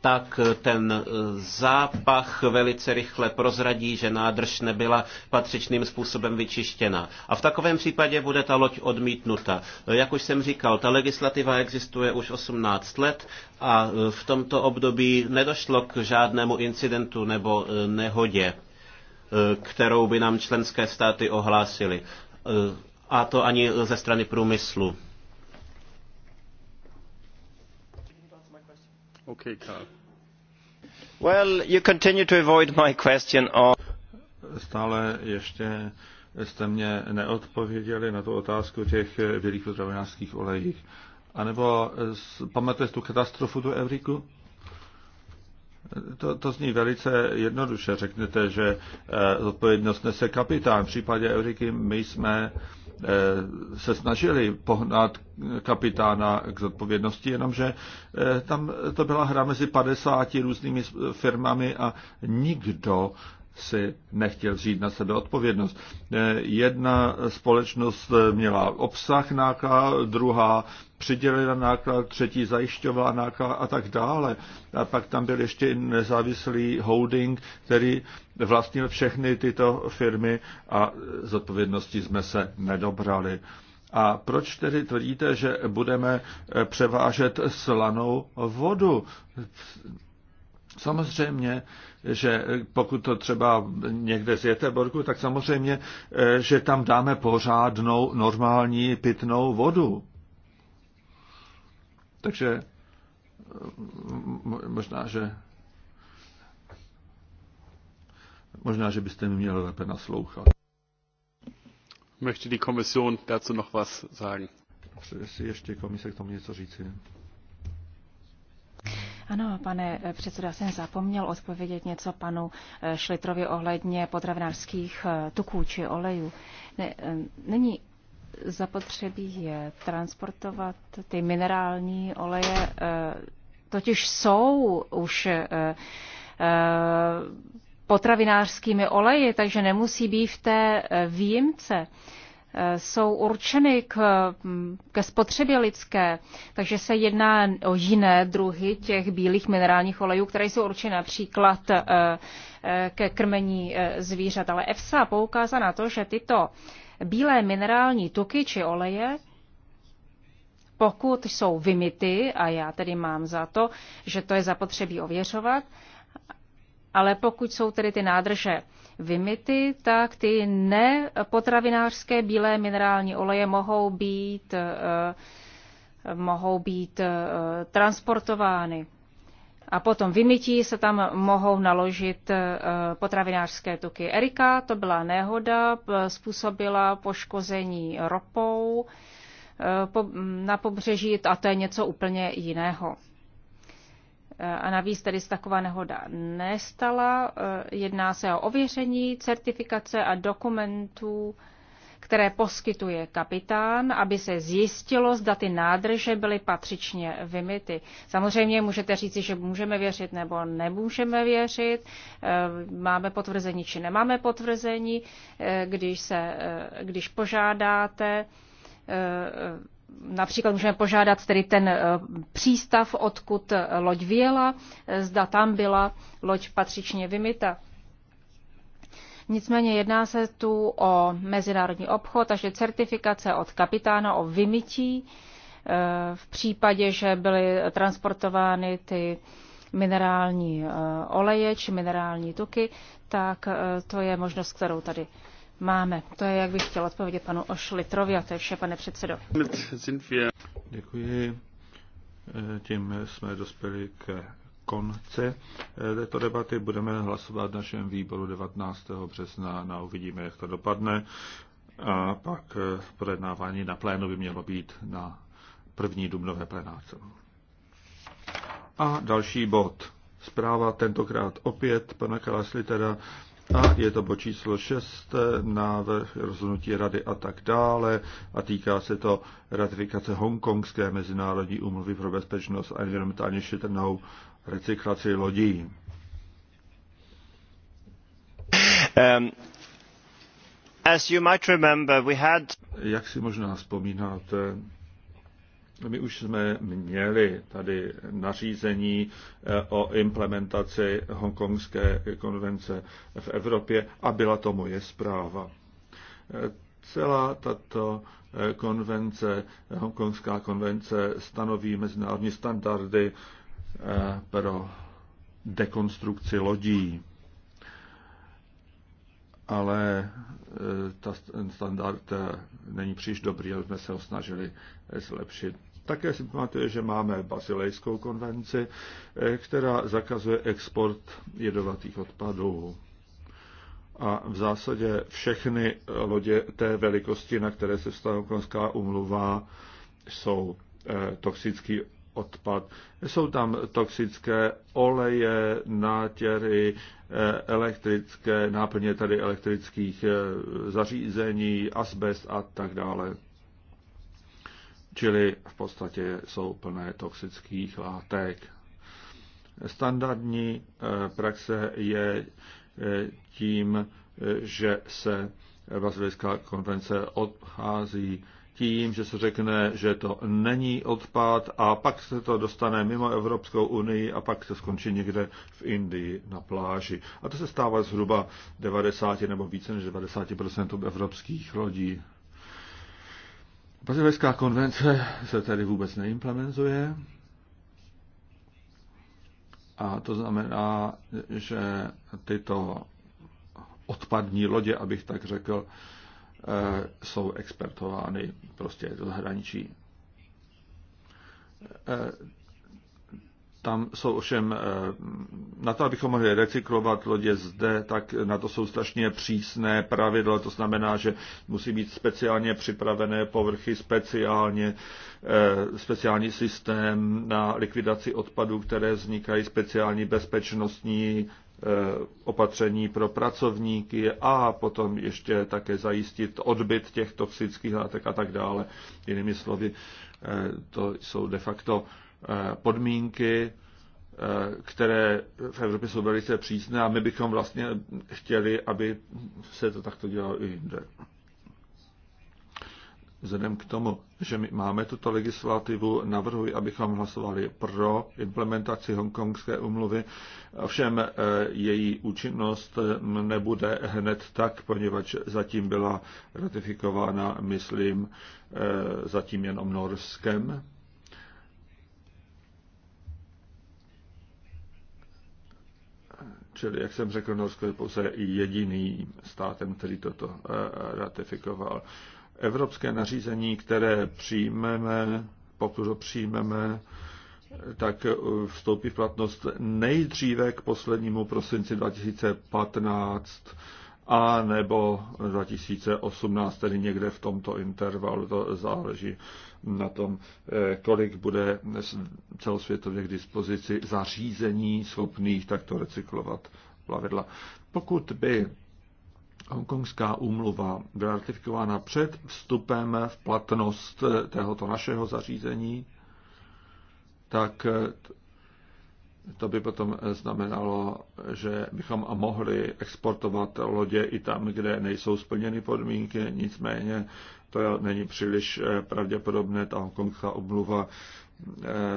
tak eh, ten eh, zápach velice rychle prozradí, že nádrž nebyla patřičným způsobem vyčištěna. A v takovém případě bude ta loď odmítnuta. Jak už jsem říkal, ta legislativa existuje už 18 let a v tomto období nedošlo k žádnému incidentu nebo nehodě, kterou by nám členské státy ohlásily. A to ani ze strany průmyslu. Okay, Karl. Well, you continue to avoid my question on... Stále ještě jste mě neodpověděli na tu otázku těch bělých potravinářských olejích. A nebo pamatujete tu katastrofu do Evriku? To, to zní velice jednoduše. Řeknete, že eh, odpovědnost nese kapitán. V případě Evriky my jsme eh, Eh, se snažili pohnat kapitána k zodpovědnosti, jenomže eh, tam to byla hra mezi 50 různými firmami a nikdo si nechtěl vzít na sebe odpovědnost. Eh, jedna společnost měla obsah náka, druhá přidělila náklad, třetí zajišťovala náklad a tak dále. A pak tam byl ještě nezávislý holding, který vlastnil všechny tyto firmy a z odpovědnosti jsme se nedobrali. A proč tedy tvrdíte, že budeme převážet slanou vodu? Samozřejmě, že pokud to třeba někde z Jeteborku, tak samozřejmě, že tam dáme pořádnou normální pitnou vodu. Takže eh, možná, že možná, že byste mi měli lépe naslouchat. Möchte die Kommission dazu noch was sagen? ještě komise k tomu něco říci? Ano, pane eh, předsedo, já jsem zapomněl odpovědět něco panu eh, Šlitrovi ohledně potravinářských tuků či olejů. Ne, není zapotřebí je transportovat ty minerální oleje, eh, totiž jsou už eh, eh, potravinářskými oleji, takže nemusí být v té výjimce. Jsou určeny k, hm, ke spotřebě lidské, takže se jedná o jiné druhy těch bílých minerálních olejů, které jsou určeny například ke krmení zvířat. Ale EFSA poukázá na to, že tyto bílé minerální tuky či oleje, pokud jsou vymity, a já tedy mám za to, že to je zapotřebí ověřovat, ale pokud jsou tedy ty nádrže vymity, tak ty nepotravinářské bílé minerální oleje mohou být, eh, mohou být eh, transportovány a potom vymytí se tam mohou naložit eh, potravinářské tuky. Erika, to byla nehoda, způsobila poškození ropou eh, na pobřeží a to je něco úplně jiného. Eh, a navíc tedy se taková nehoda nestala. Jedná se o ověření, certifikace a dokumentů které poskytuje kapitán, aby se zjistilo, zda ty nádrže byly patřičně vymyty. Samozřejmě můžete říci, že můžeme věřit nebo nemůžeme věřit, eh, máme potvrzení či nemáme potvrzení, eh, když, se, eh, když požádáte Například můžeme požádat tedy ten přístav, odkud loď vyjela, zda tam byla loď patřičně vymyta. Nicméně jedná se tu o mezinárodní obchod, takže certifikace od kapitána o vymytí e, v případě, že byly transportovány ty minerální e, oleje či minerální tuky, tak e, to je možnost, kterou tady máme. To je, jak bych chtěl odpovědět panu Ošlitrovi a to je vše, pane předsedo. Děkuji. Tím jsme dospěli k konce eh, této debaty. Budeme hlasovat v našem výboru 19. března a uvidíme, jak to dopadne. A pak eh, projednávání na plénu by mělo být na první dubnové plenáce. A další bod. Zpráva tentokrát opět pana Kalaslitera a je to bod číslo 6, eh, návrh rozhodnutí rady a tak dále a týká se to ratifikace Hongkongské mezinárodní úmluvy pro bezpečnost a environmentálně šetrnou recyklaci lodí. Um, as you might remember, we had... Jak si možná vzpomínáte, my už jsme měli tady nařízení eh, o implementaci hongkongské konvence v Evropě a byla to moje zpráva. Eh, celá tato eh, konvence, hongkongská konvence stanoví mezinárodní standardy Eh, pro dekonstrukci lodí. Ale eh, ta, ten standard eh, není příliš dobrý, ale jsme se ho snažili zlepšit. Také si pamatuje, že máme Basilejskou konvenci, která zakazuje export jedovatých odpadů. A v zásadě všechny lodě té velikosti, na které se vztahuje Konská umluva, jsou toxický odpad. Jsou tam toxické oleje, nátěry, eh, elektrické, náplně tady elektrických eh, zařízení, asbest a tak dále. Čili v podstatě jsou plné toxických látek. Standardní eh, praxe je tím, že se Vazilická konvence odchází tím, že se řekne, že to není odpad a pak se to dostane mimo Evropskou unii a pak se skončí někde v Indii na pláži. A to se stává zhruba 90 nebo více než 90 evropských lodí. Bazilejská konvence se tedy vůbec neimplementuje. A to znamená, že tyto odpadní lodě, abych tak řekl, Eh, jsou expertovány prostě do zahraničí. Eh, tam jsou ovšem, eh, na to, abychom mohli recyklovat lodě zde, tak na to jsou strašně přísné pravidla. To znamená, že musí být speciálně připravené povrchy, speciálně, speciální systém na likvidaci odpadů, které vznikají, speciální bezpečnostní Eh, opatření pro pracovníky a potom ještě také zajistit odbyt těch toxických látek a tak dále. Jinými slovy, eh, to jsou de facto eh, podmínky, které v Evropě jsou velice přísné a my bychom vlastně chtěli, aby se to takto dělalo i jinde. Vzhledem k tomu, že my máme tuto legislativu, navrhuji, abychom hlasovali pro implementaci hongkongské umluvy. Ovšem eh, její účinnost nebude hned tak, poněvadž zatím byla ratifikována, myslím, eh, zatím jenom Norskem. Čili, jak jsem řekl, Norsko je pouze jediným státem, který toto eh, ratifikoval. Evropské nařízení, které přijmeme, pokud ho přijmeme, tak vstoupí v platnost nejdříve k poslednímu prosinci 2015 a nebo 2018, tedy někde v tomto intervalu. To záleží na tom, kolik bude celosvětově k dispozici zařízení schopných takto recyklovat plavidla. Pokud by Hongkongská úmluva byla ratifikována před vstupem v platnost eh, tohoto našeho zařízení, tak eh, to by potom eh, znamenalo, že bychom mohli exportovat lodě i tam, kde nejsou splněny podmínky, nicméně to není příliš pravděpodobné. Ta hongkongská obluva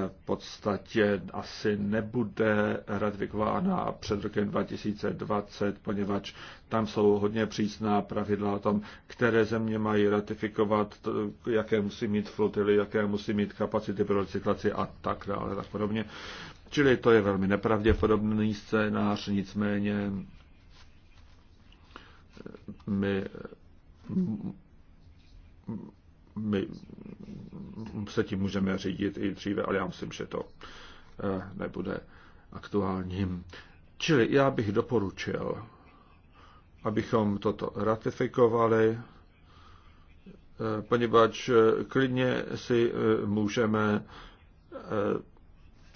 v podstatě asi nebude ratifikována před rokem 2020, poněvadž tam jsou hodně přísná pravidla o tom, které země mají ratifikovat, jaké musí mít flotily, jaké musí mít kapacity pro recyklaci a tak dále, tak podobně. Čili to je velmi nepravděpodobný scénář, nicméně eh, my my se tím můžeme řídit i dříve, ale já myslím, že to eh, nebude aktuálním. Čili já bych doporučil, abychom toto ratifikovali, eh, poněvadž eh, klidně si můžeme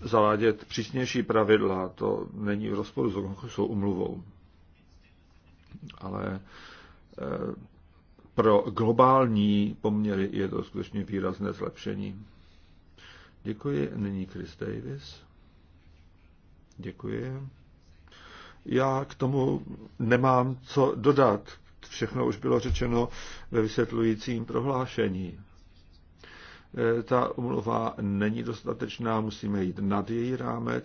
zavádět přísnější pravidla. To není v rozporu s umluvou. Ale pro globální poměry je to skutečně výrazné zlepšení. Děkuji. Nyní Chris Davis. Děkuji. Já k tomu nemám co dodat. Všechno už bylo řečeno ve vysvětlujícím prohlášení. E, ta umluva není dostatečná, musíme jít nad její rámec,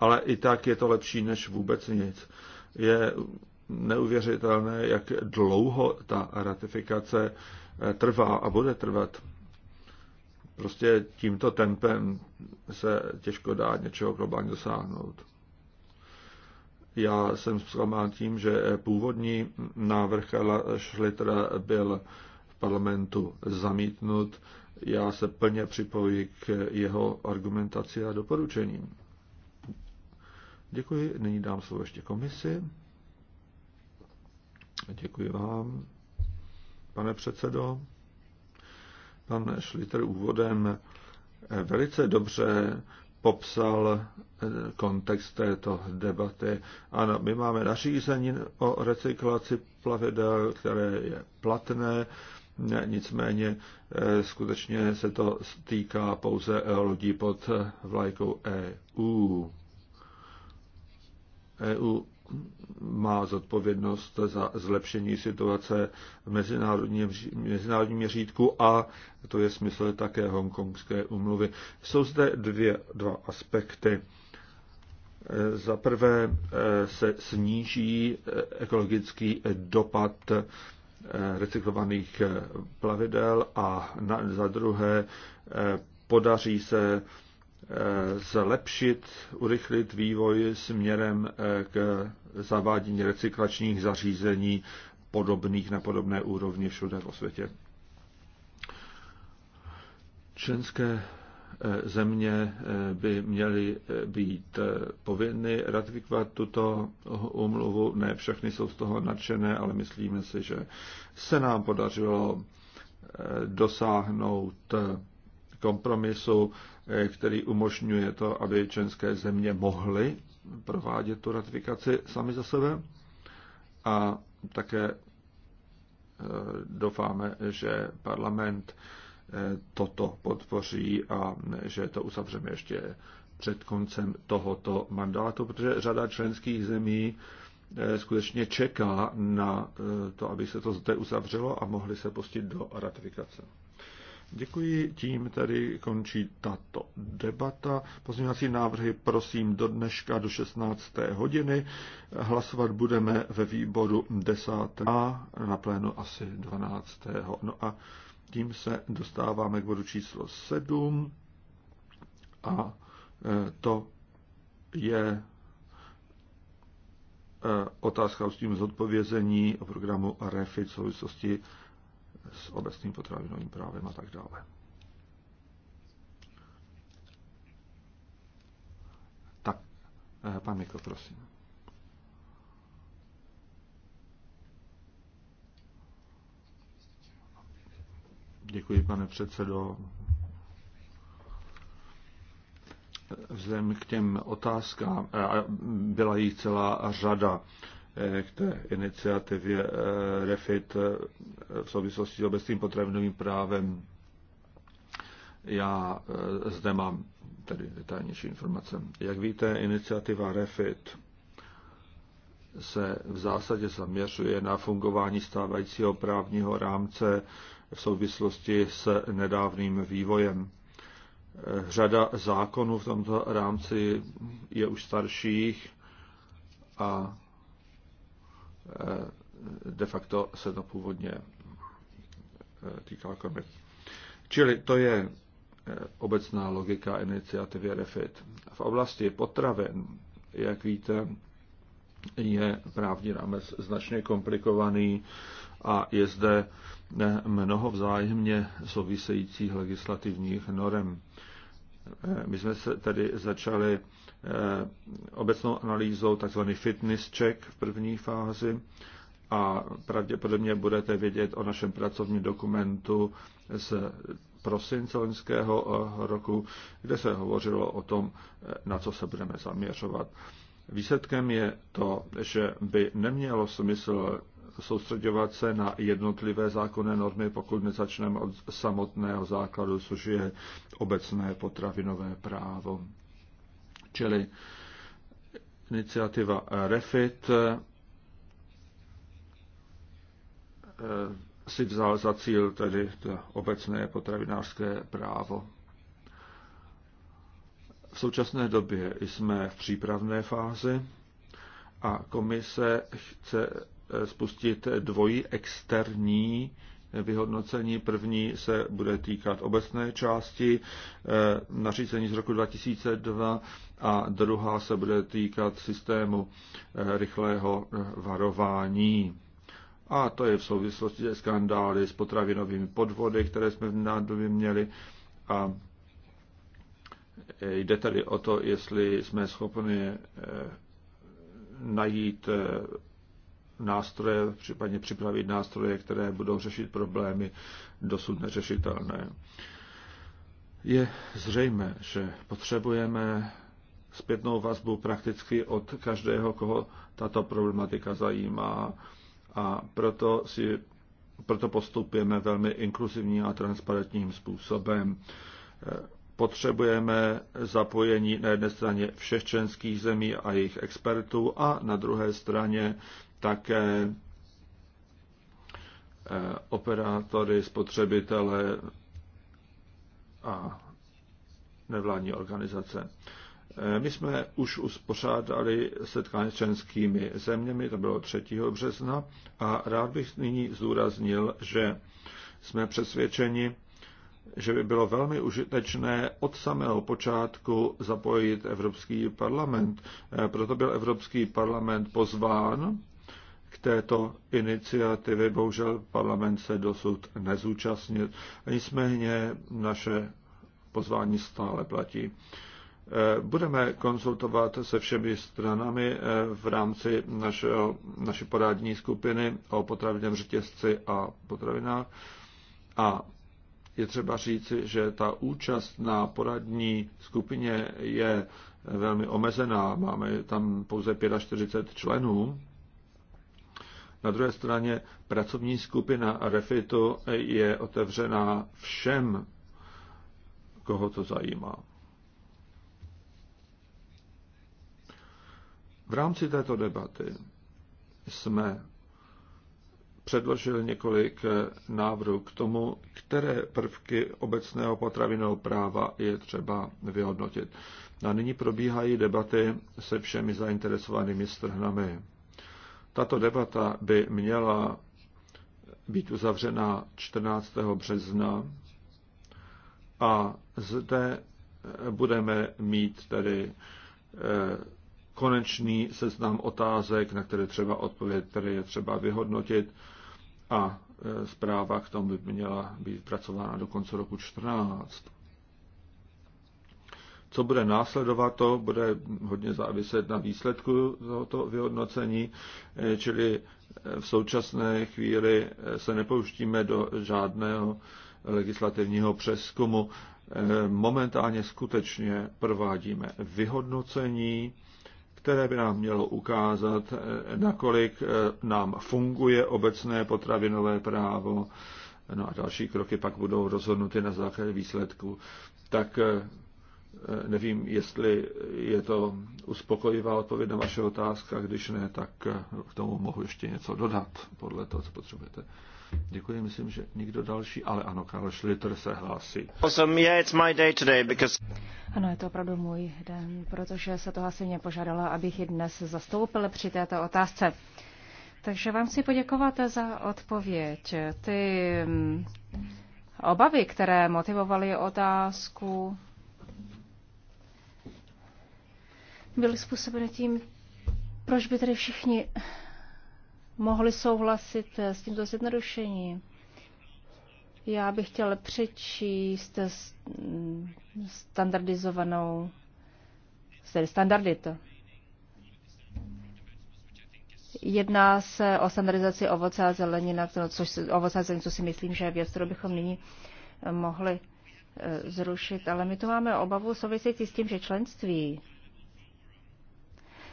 ale i tak je to lepší než vůbec nic. Je neuvěřitelné, jak dlouho ta ratifikace eh, trvá a bude trvat. Prostě tímto tempem se těžko dá něčeho globálně dosáhnout. Já jsem zklamán tím, že původní návrh Karla Schlittera byl v parlamentu zamítnut. Já se plně připojuji k jeho argumentaci a doporučením. Děkuji. Nyní dám slovo ještě komisi. Děkuji vám, pane předsedo. Pan Šliter úvodem eh, velice dobře popsal eh, kontext této debaty. Ano, my máme nařízení o recyklaci plavidel, které je platné, nicméně eh, skutečně se to týká pouze lodí pod vlajkou EU. EU má zodpovědnost za zlepšení situace v mezinárodním, mezinárodním měřítku a to je smysl také hongkongské umluvy. Jsou zde dvě, dva aspekty. Za prvé eh, se sníží eh, ekologický dopad eh, recyklovaných plavidel a na, za druhé podaří se Eh, zlepšit, urychlit vývoj směrem eh, k zavádění recyklačních zařízení podobných na podobné úrovni všude po světě. Členské eh, země by měly být povinny ratifikovat tuto umluvu. Ne všechny jsou z toho nadšené, ale myslíme si, že se nám podařilo dosáhnout kompromisu, eh, který umožňuje to, aby členské země mohly provádět tu ratifikaci sami za sebe. A také eh, doufáme, že parlament eh, toto podpoří a že to uzavřeme ještě před koncem tohoto mandátu, protože řada členských zemí skutečně čeká na to, aby se to zde uzavřelo a mohli se pustit do ratifikace. Děkuji, tím tedy končí tato debata. Pozměňovací návrhy prosím do dneška do 16. hodiny. Hlasovat budeme ve výboru 10. a na plénu asi 12. No a tím se dostáváme k bodu číslo 7 a e, to je e, otázka s tím zodpovězení o programu REFI v souvislosti s obecným potravinovým právem a tak dále. Tak, eh, pan Mikl, prosím. Děkuji, pane předsedo. Vzhledem k těm otázkám, eh, byla jich celá řada, Eh, k té iniciativě eh, REFIT eh, v souvislosti s obecným potravinovým právem. Já zde mám tedy detailnější informace. Jak víte, iniciativa REFIT se v zásadě zaměřuje na fungování stávajícího právního rámce v souvislosti s nedávným vývojem. Řada zákonů v tomto rámci je už starších a Eh, de facto se to původně eh, týká krmiv. Čili to je eh, obecná logika iniciativy REFIT. V oblasti potravin, jak víte, je právní rámec značně komplikovaný a je zde mnoho vzájemně souvisejících legislativních norem. My jsme se tedy začali Eh, obecnou analýzou tzv. fitness check v první fázi a pravděpodobně budete vědět o našem pracovním dokumentu z prosince loňského eh, roku, kde se hovořilo o tom, eh, na co se budeme zaměřovat. Výsledkem je to, že by nemělo smysl soustředovat se na jednotlivé zákonné normy, pokud nezačneme od samotného základu, což je obecné potravinové právo. Čili iniciativa REFIT eh, si vzal za cíl tedy to obecné potravinářské právo. V současné době jsme v přípravné fázi a komise chce eh, spustit dvojí externí vyhodnocení. První se bude týkat obecné části eh, nařízení z roku 2002 a druhá se bude týkat systému eh, rychlého eh, varování. A to je v souvislosti se skandály s potravinovými podvody, které jsme v nádobě měli. A jde tedy o to, jestli jsme schopni najít nástroje, případně připravit nástroje, které budou řešit problémy dosud neřešitelné. Je zřejmé, že potřebujeme zpětnou vazbu prakticky od každého, koho tato problematika zajímá a proto, si, proto postupujeme velmi inkluzivním a transparentním způsobem. Potřebujeme zapojení na jedné straně všech členských zemí a jejich expertů a na druhé straně také eh, operátory, spotřebitele a nevládní organizace. Eh, my jsme už uspořádali setkání s členskými zeměmi, to bylo 3. března, a rád bych nyní zdůraznil, že jsme přesvědčeni, že by bylo velmi užitečné od samého počátku zapojit Evropský parlament. Eh, proto byl Evropský parlament pozván k této iniciativě. Bohužel parlament se dosud nezúčastnil. Nicméně naše pozvání stále platí. Eh, budeme konzultovat se všemi stranami eh, v rámci našeho, naší porádní skupiny o potravinném řetězci a potravinách. A je třeba říci, že ta účast na poradní skupině je velmi omezená. Máme tam pouze 45 členů na druhé straně pracovní skupina Refitu je otevřená všem, koho to zajímá. V rámci této debaty jsme předložili několik návrhů k tomu, které prvky obecného potravinového práva je třeba vyhodnotit. A nyní probíhají debaty se všemi zainteresovanými strhnami. Tato debata by měla být uzavřena 14. března a zde budeme mít tedy eh, konečný seznam otázek, na které třeba odpovědět, které je třeba vyhodnotit a eh, zpráva k tomu by měla být pracována do konce roku 14. Co bude následovat, to bude hodně záviset na výsledku tohoto vyhodnocení, eh, čili eh, v současné chvíli eh, se nepouštíme do žádného legislativního přeskumu. Momentálně skutečně provádíme vyhodnocení, které by nám mělo ukázat, nakolik nám funguje obecné potravinové právo, no a další kroky pak budou rozhodnuty na základě výsledku. Tak Eh, nevím, jestli je to uspokojivá odpověď na vaše otázka, když ne, tak eh, k tomu mohu ještě něco dodat podle toho, co potřebujete. Děkuji, myslím, že nikdo další, ale ano, Karl Schlitter se hlásí. Ano, je to opravdu můj den, protože se to asi mě požádala, abych ji dnes zastoupil při této otázce. Takže vám chci poděkovat za odpověď. Ty mm, obavy, které motivovaly otázku, byly způsobeny tím, proč by tady všichni mohli souhlasit s tímto zjednodušením. Já bych chtěl přečíst standardizovanou, standardy to. Jedná se o standardizaci ovoce a zelenina, což, ovoce a zelenina, co si myslím, že je věc, kterou bychom nyní eh, mohli eh, zrušit. Ale my tu máme obavu související s tím, že členství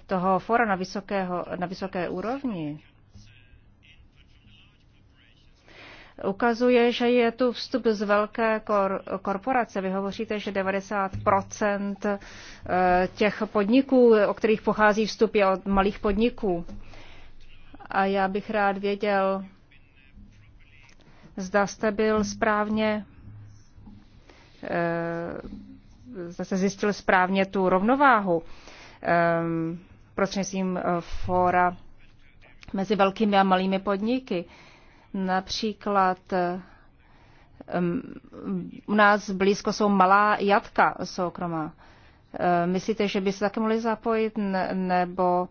toho fora na, vysokého, na vysoké úrovni ukazuje, že je tu vstup z velké kor- korporace. Vy hovoříte, že 90 eh, těch podniků, o kterých pochází vstup, je od malých podniků. A já bych rád věděl, zda jste byl správně, eh, zda zjistil správně tu rovnováhu ehm, prostřednictvím eh, fóra mezi velkými a malými podniky. Například eh, u nás blízko jsou malá jatka soukromá. Eh, myslíte, že by se také mohli zapojit, nebo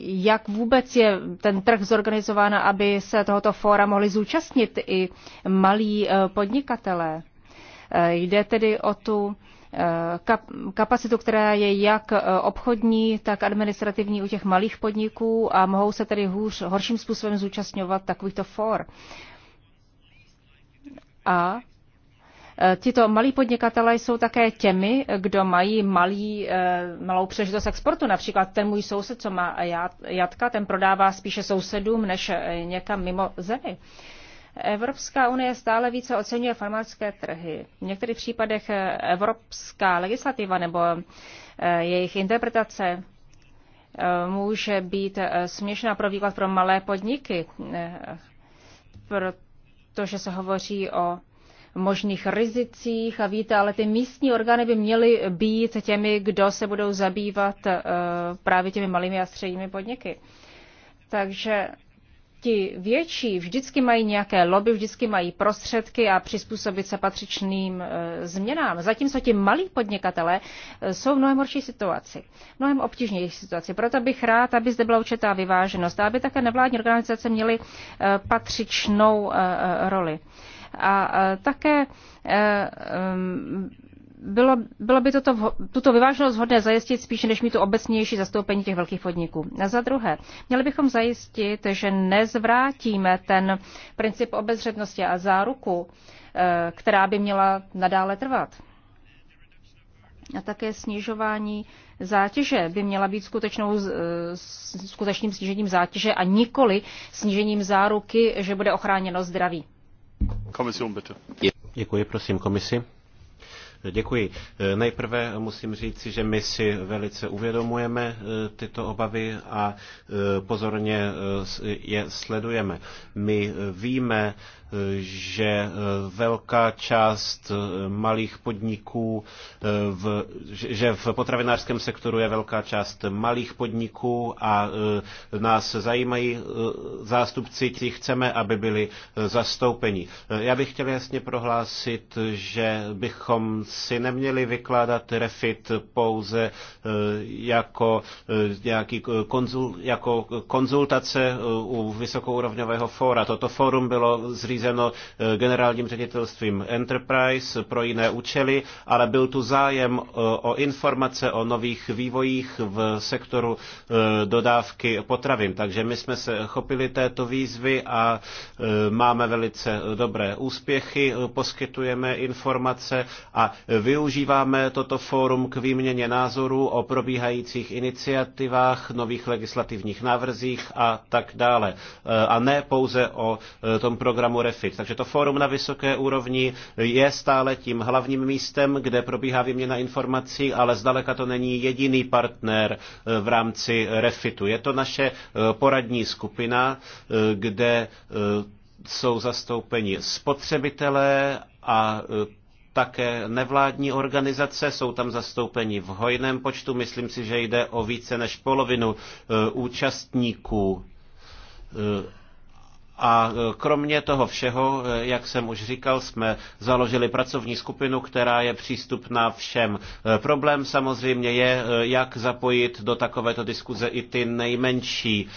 jak vůbec je ten trh zorganizován, aby se tohoto fóra mohli zúčastnit i malí podnikatelé? Jde tedy o tu kapacitu, která je jak e, obchodní, tak administrativní u těch malých podniků a mohou se tedy hůř, horším způsobem zúčastňovat takovýchto for. A e, Tito malí podnikatelé jsou také těmi, kdo mají malý, e, malou přežitost exportu. Například ten můj soused, co má jatka, ten prodává spíše sousedům než někam mimo zemi. Evropská unie stále více oceňuje farmářské trhy. V některých případech eh, evropská legislativa nebo eh, jejich interpretace eh, může být směšná pro výklad pro malé podniky, protože se hovoří o možných rizicích a víte, ale ty místní orgány by měly být těmi, kdo se budou zabývat právě těmi malými a středními podniky. Takže ti větší vždycky mají nějaké lobby, vždycky mají prostředky a přizpůsobit se patřičným e, změnám. Zatímco ti malí podnikatelé e, jsou v mnohem horší situaci, mnohem obtížnější situaci. Proto bych rád, aby zde byla určitá vyváženost a aby také nevládní organizace měly e, patřičnou roli. A také bylo, bylo by toto, tuto vyváženost vhodné zajistit spíše, než mít tu obecnější zastoupení těch velkých podniků. A za druhé, měli bychom zajistit, že nezvrátíme ten princip obezřetnosti a záruku, eh, která by měla nadále trvat. A také snižování zátěže by měla být skutečnou, eh, skutečným snížením zátěže a nikoli snížením záruky, že bude ochráněno zdraví. Komisium, bitte. Děkuji, prosím, komisi. Děkuji. Nejprve musím říci, že my si velice uvědomujeme eh, tyto obavy a eh, pozorně eh, je sledujeme. My víme, že eh, velká část eh, malých podniků, eh, v, že v potravinářském sektoru je velká část malých podniků a nás zajímají zástupci, kteří chceme, aby byli zastoupeni. Já bych chtěl jasně prohlásit, že bychom si neměli vykládat refit pouze jako, nějaký konzul, jako konzultace u vysokourovňového fóra. Toto fórum bylo zřízeno řízeno eh, generálním ředitelstvím Enterprise pro jiné účely, ale byl tu zájem eh, o informace o nových vývojích v sektoru eh, dodávky potravin. Takže my jsme se chopili této výzvy a máme velice dobré úspěchy, poskytujeme informace a využíváme toto fórum k výměně názorů o probíhajících iniciativách, nových legislativních návrzích a tak dále. A ne pouze o tom programu REFIT. Takže to fórum na vysoké úrovni je stále tím hlavním místem, kde probíhá výměna informací, ale zdaleka to není jediný partner eh, v rámci REFITu. Je to naše eh, poradní skupina, eh, kde jsou zastoupeni spotřebitelé a také nevládní organizace, jsou tam zastoupeni v hojném počtu, myslím si, že jde o více než polovinu účastníků a e, kromě toho všeho, e, jak jsem už říkal, jsme založili pracovní skupinu, která je přístupná všem. E, problém samozřejmě je, jak zapojit do takovéto diskuze i ty nejmenší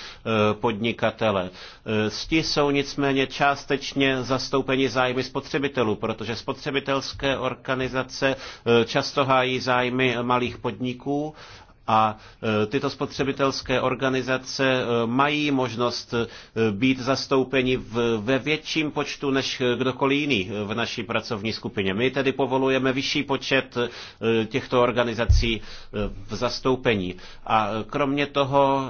podnikatele. Sti jsou nicméně částečně zastoupeni zájmy spotřebitelů, protože spotřebitelské organizace často hájí zájmy malých podniků, a e, tyto spotřebitelské organizace e, mají možnost e, být zastoupeni ve větším počtu než kdokoliv jiný v naší pracovní skupině. My tedy povolujeme vyšší počet těchto organizací v zastoupení. A kromě toho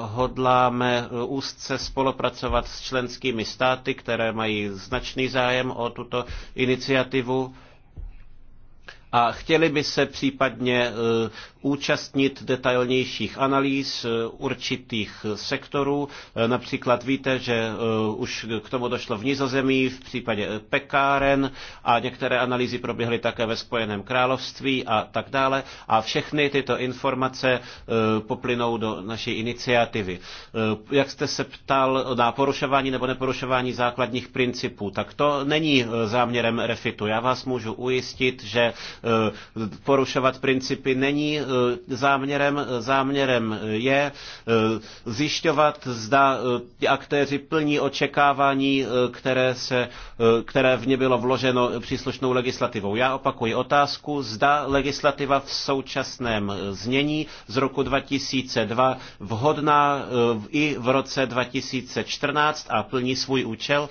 hodláme úzce spolupracovat s členskými státy, které mají značný zájem o tuto iniciativu a chtěli by se případně účastnit detailnějších analýz eh, určitých sektorů. Eh, například víte, že eh, už k tomu došlo v Nizozemí v případě pekáren a některé analýzy proběhly také ve Spojeném království a tak dále. A všechny tyto informace poplynou do naší iniciativy. Jak jste se ptal na porušování nebo neporušování základních principů, tak to není záměrem refitu. Já vás můžu ujistit, že porušovat principy není E, záměrem, e, záměrem je e, zjišťovat, zda ti aktéři plní očekávání, které, se, které v ně bylo vloženo příslušnou legislativou. Já opakuji otázku, zda legislativa v současném znění z roku 2002 vhodná i v roce 2014 a plní svůj účel,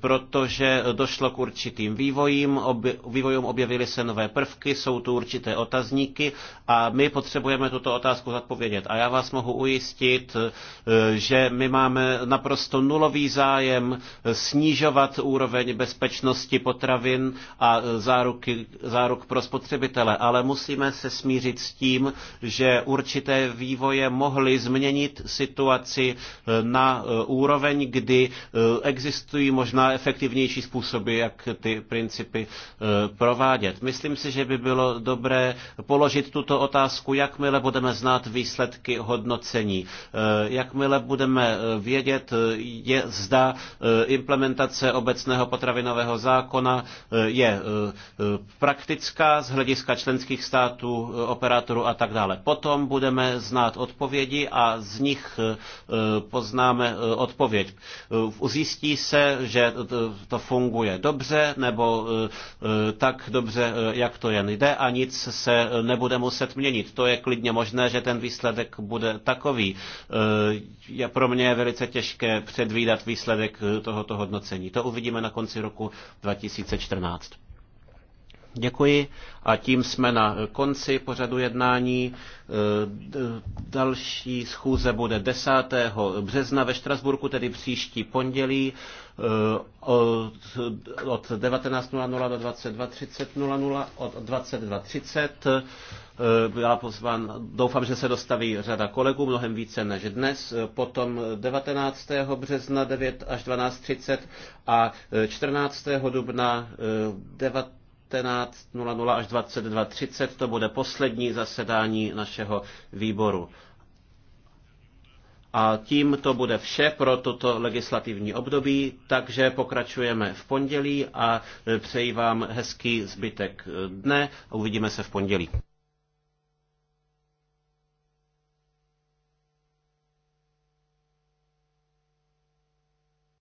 protože došlo k určitým vývojím, obje, vývojům objevily se nové prvky, jsou tu určité otazníky a my potřebujeme tuto otázku zodpovědět. A já vás mohu ujistit, eh, že my máme naprosto nulový zájem snižovat úroveň bezpečnosti potravin a záruky, záruk pro spotřebitele, ale musíme se smířit s tím, že určité vývoje mohly změnit situaci eh, na eh, úroveň, kdy existují možná efektivnější způsoby, jak ty principy provádět. Myslím si, že by bylo dobré položit tuto otázku otázku, jakmile budeme znát výsledky hodnocení, e, jakmile budeme e, vědět, e, je, zda implementace obecného potravinového zákona je praktická z hlediska členských států, operátorů a tak dále. Potom budeme znát odpovědi a z nich poznáme odpověď. Zjistí se, že to funguje dobře nebo tak dobře, jak to jen jde a nic se nebude muset měnit změnit. To je klidně možné, že ten výsledek bude takový. E, je pro mě je velice těžké předvídat výsledek e, tohoto hodnocení. To uvidíme na konci roku 2014. Děkuji a tím jsme na konci pořadu jednání. E, další schůze bude 10. března ve Štrasburku, tedy příští pondělí e, od 19.00 do 22.30, od 22.30. Byla e, pozván, doufám, že se dostaví řada kolegů, mnohem více než dnes. Potom 19. března 9 až 12.30 a 14. dubna 19. 19.00 až 22.30. To bude poslední zasedání našeho výboru. A tím to bude vše pro toto legislativní období, takže pokračujeme v pondělí a přeji vám hezký zbytek dne a uvidíme se v pondělí.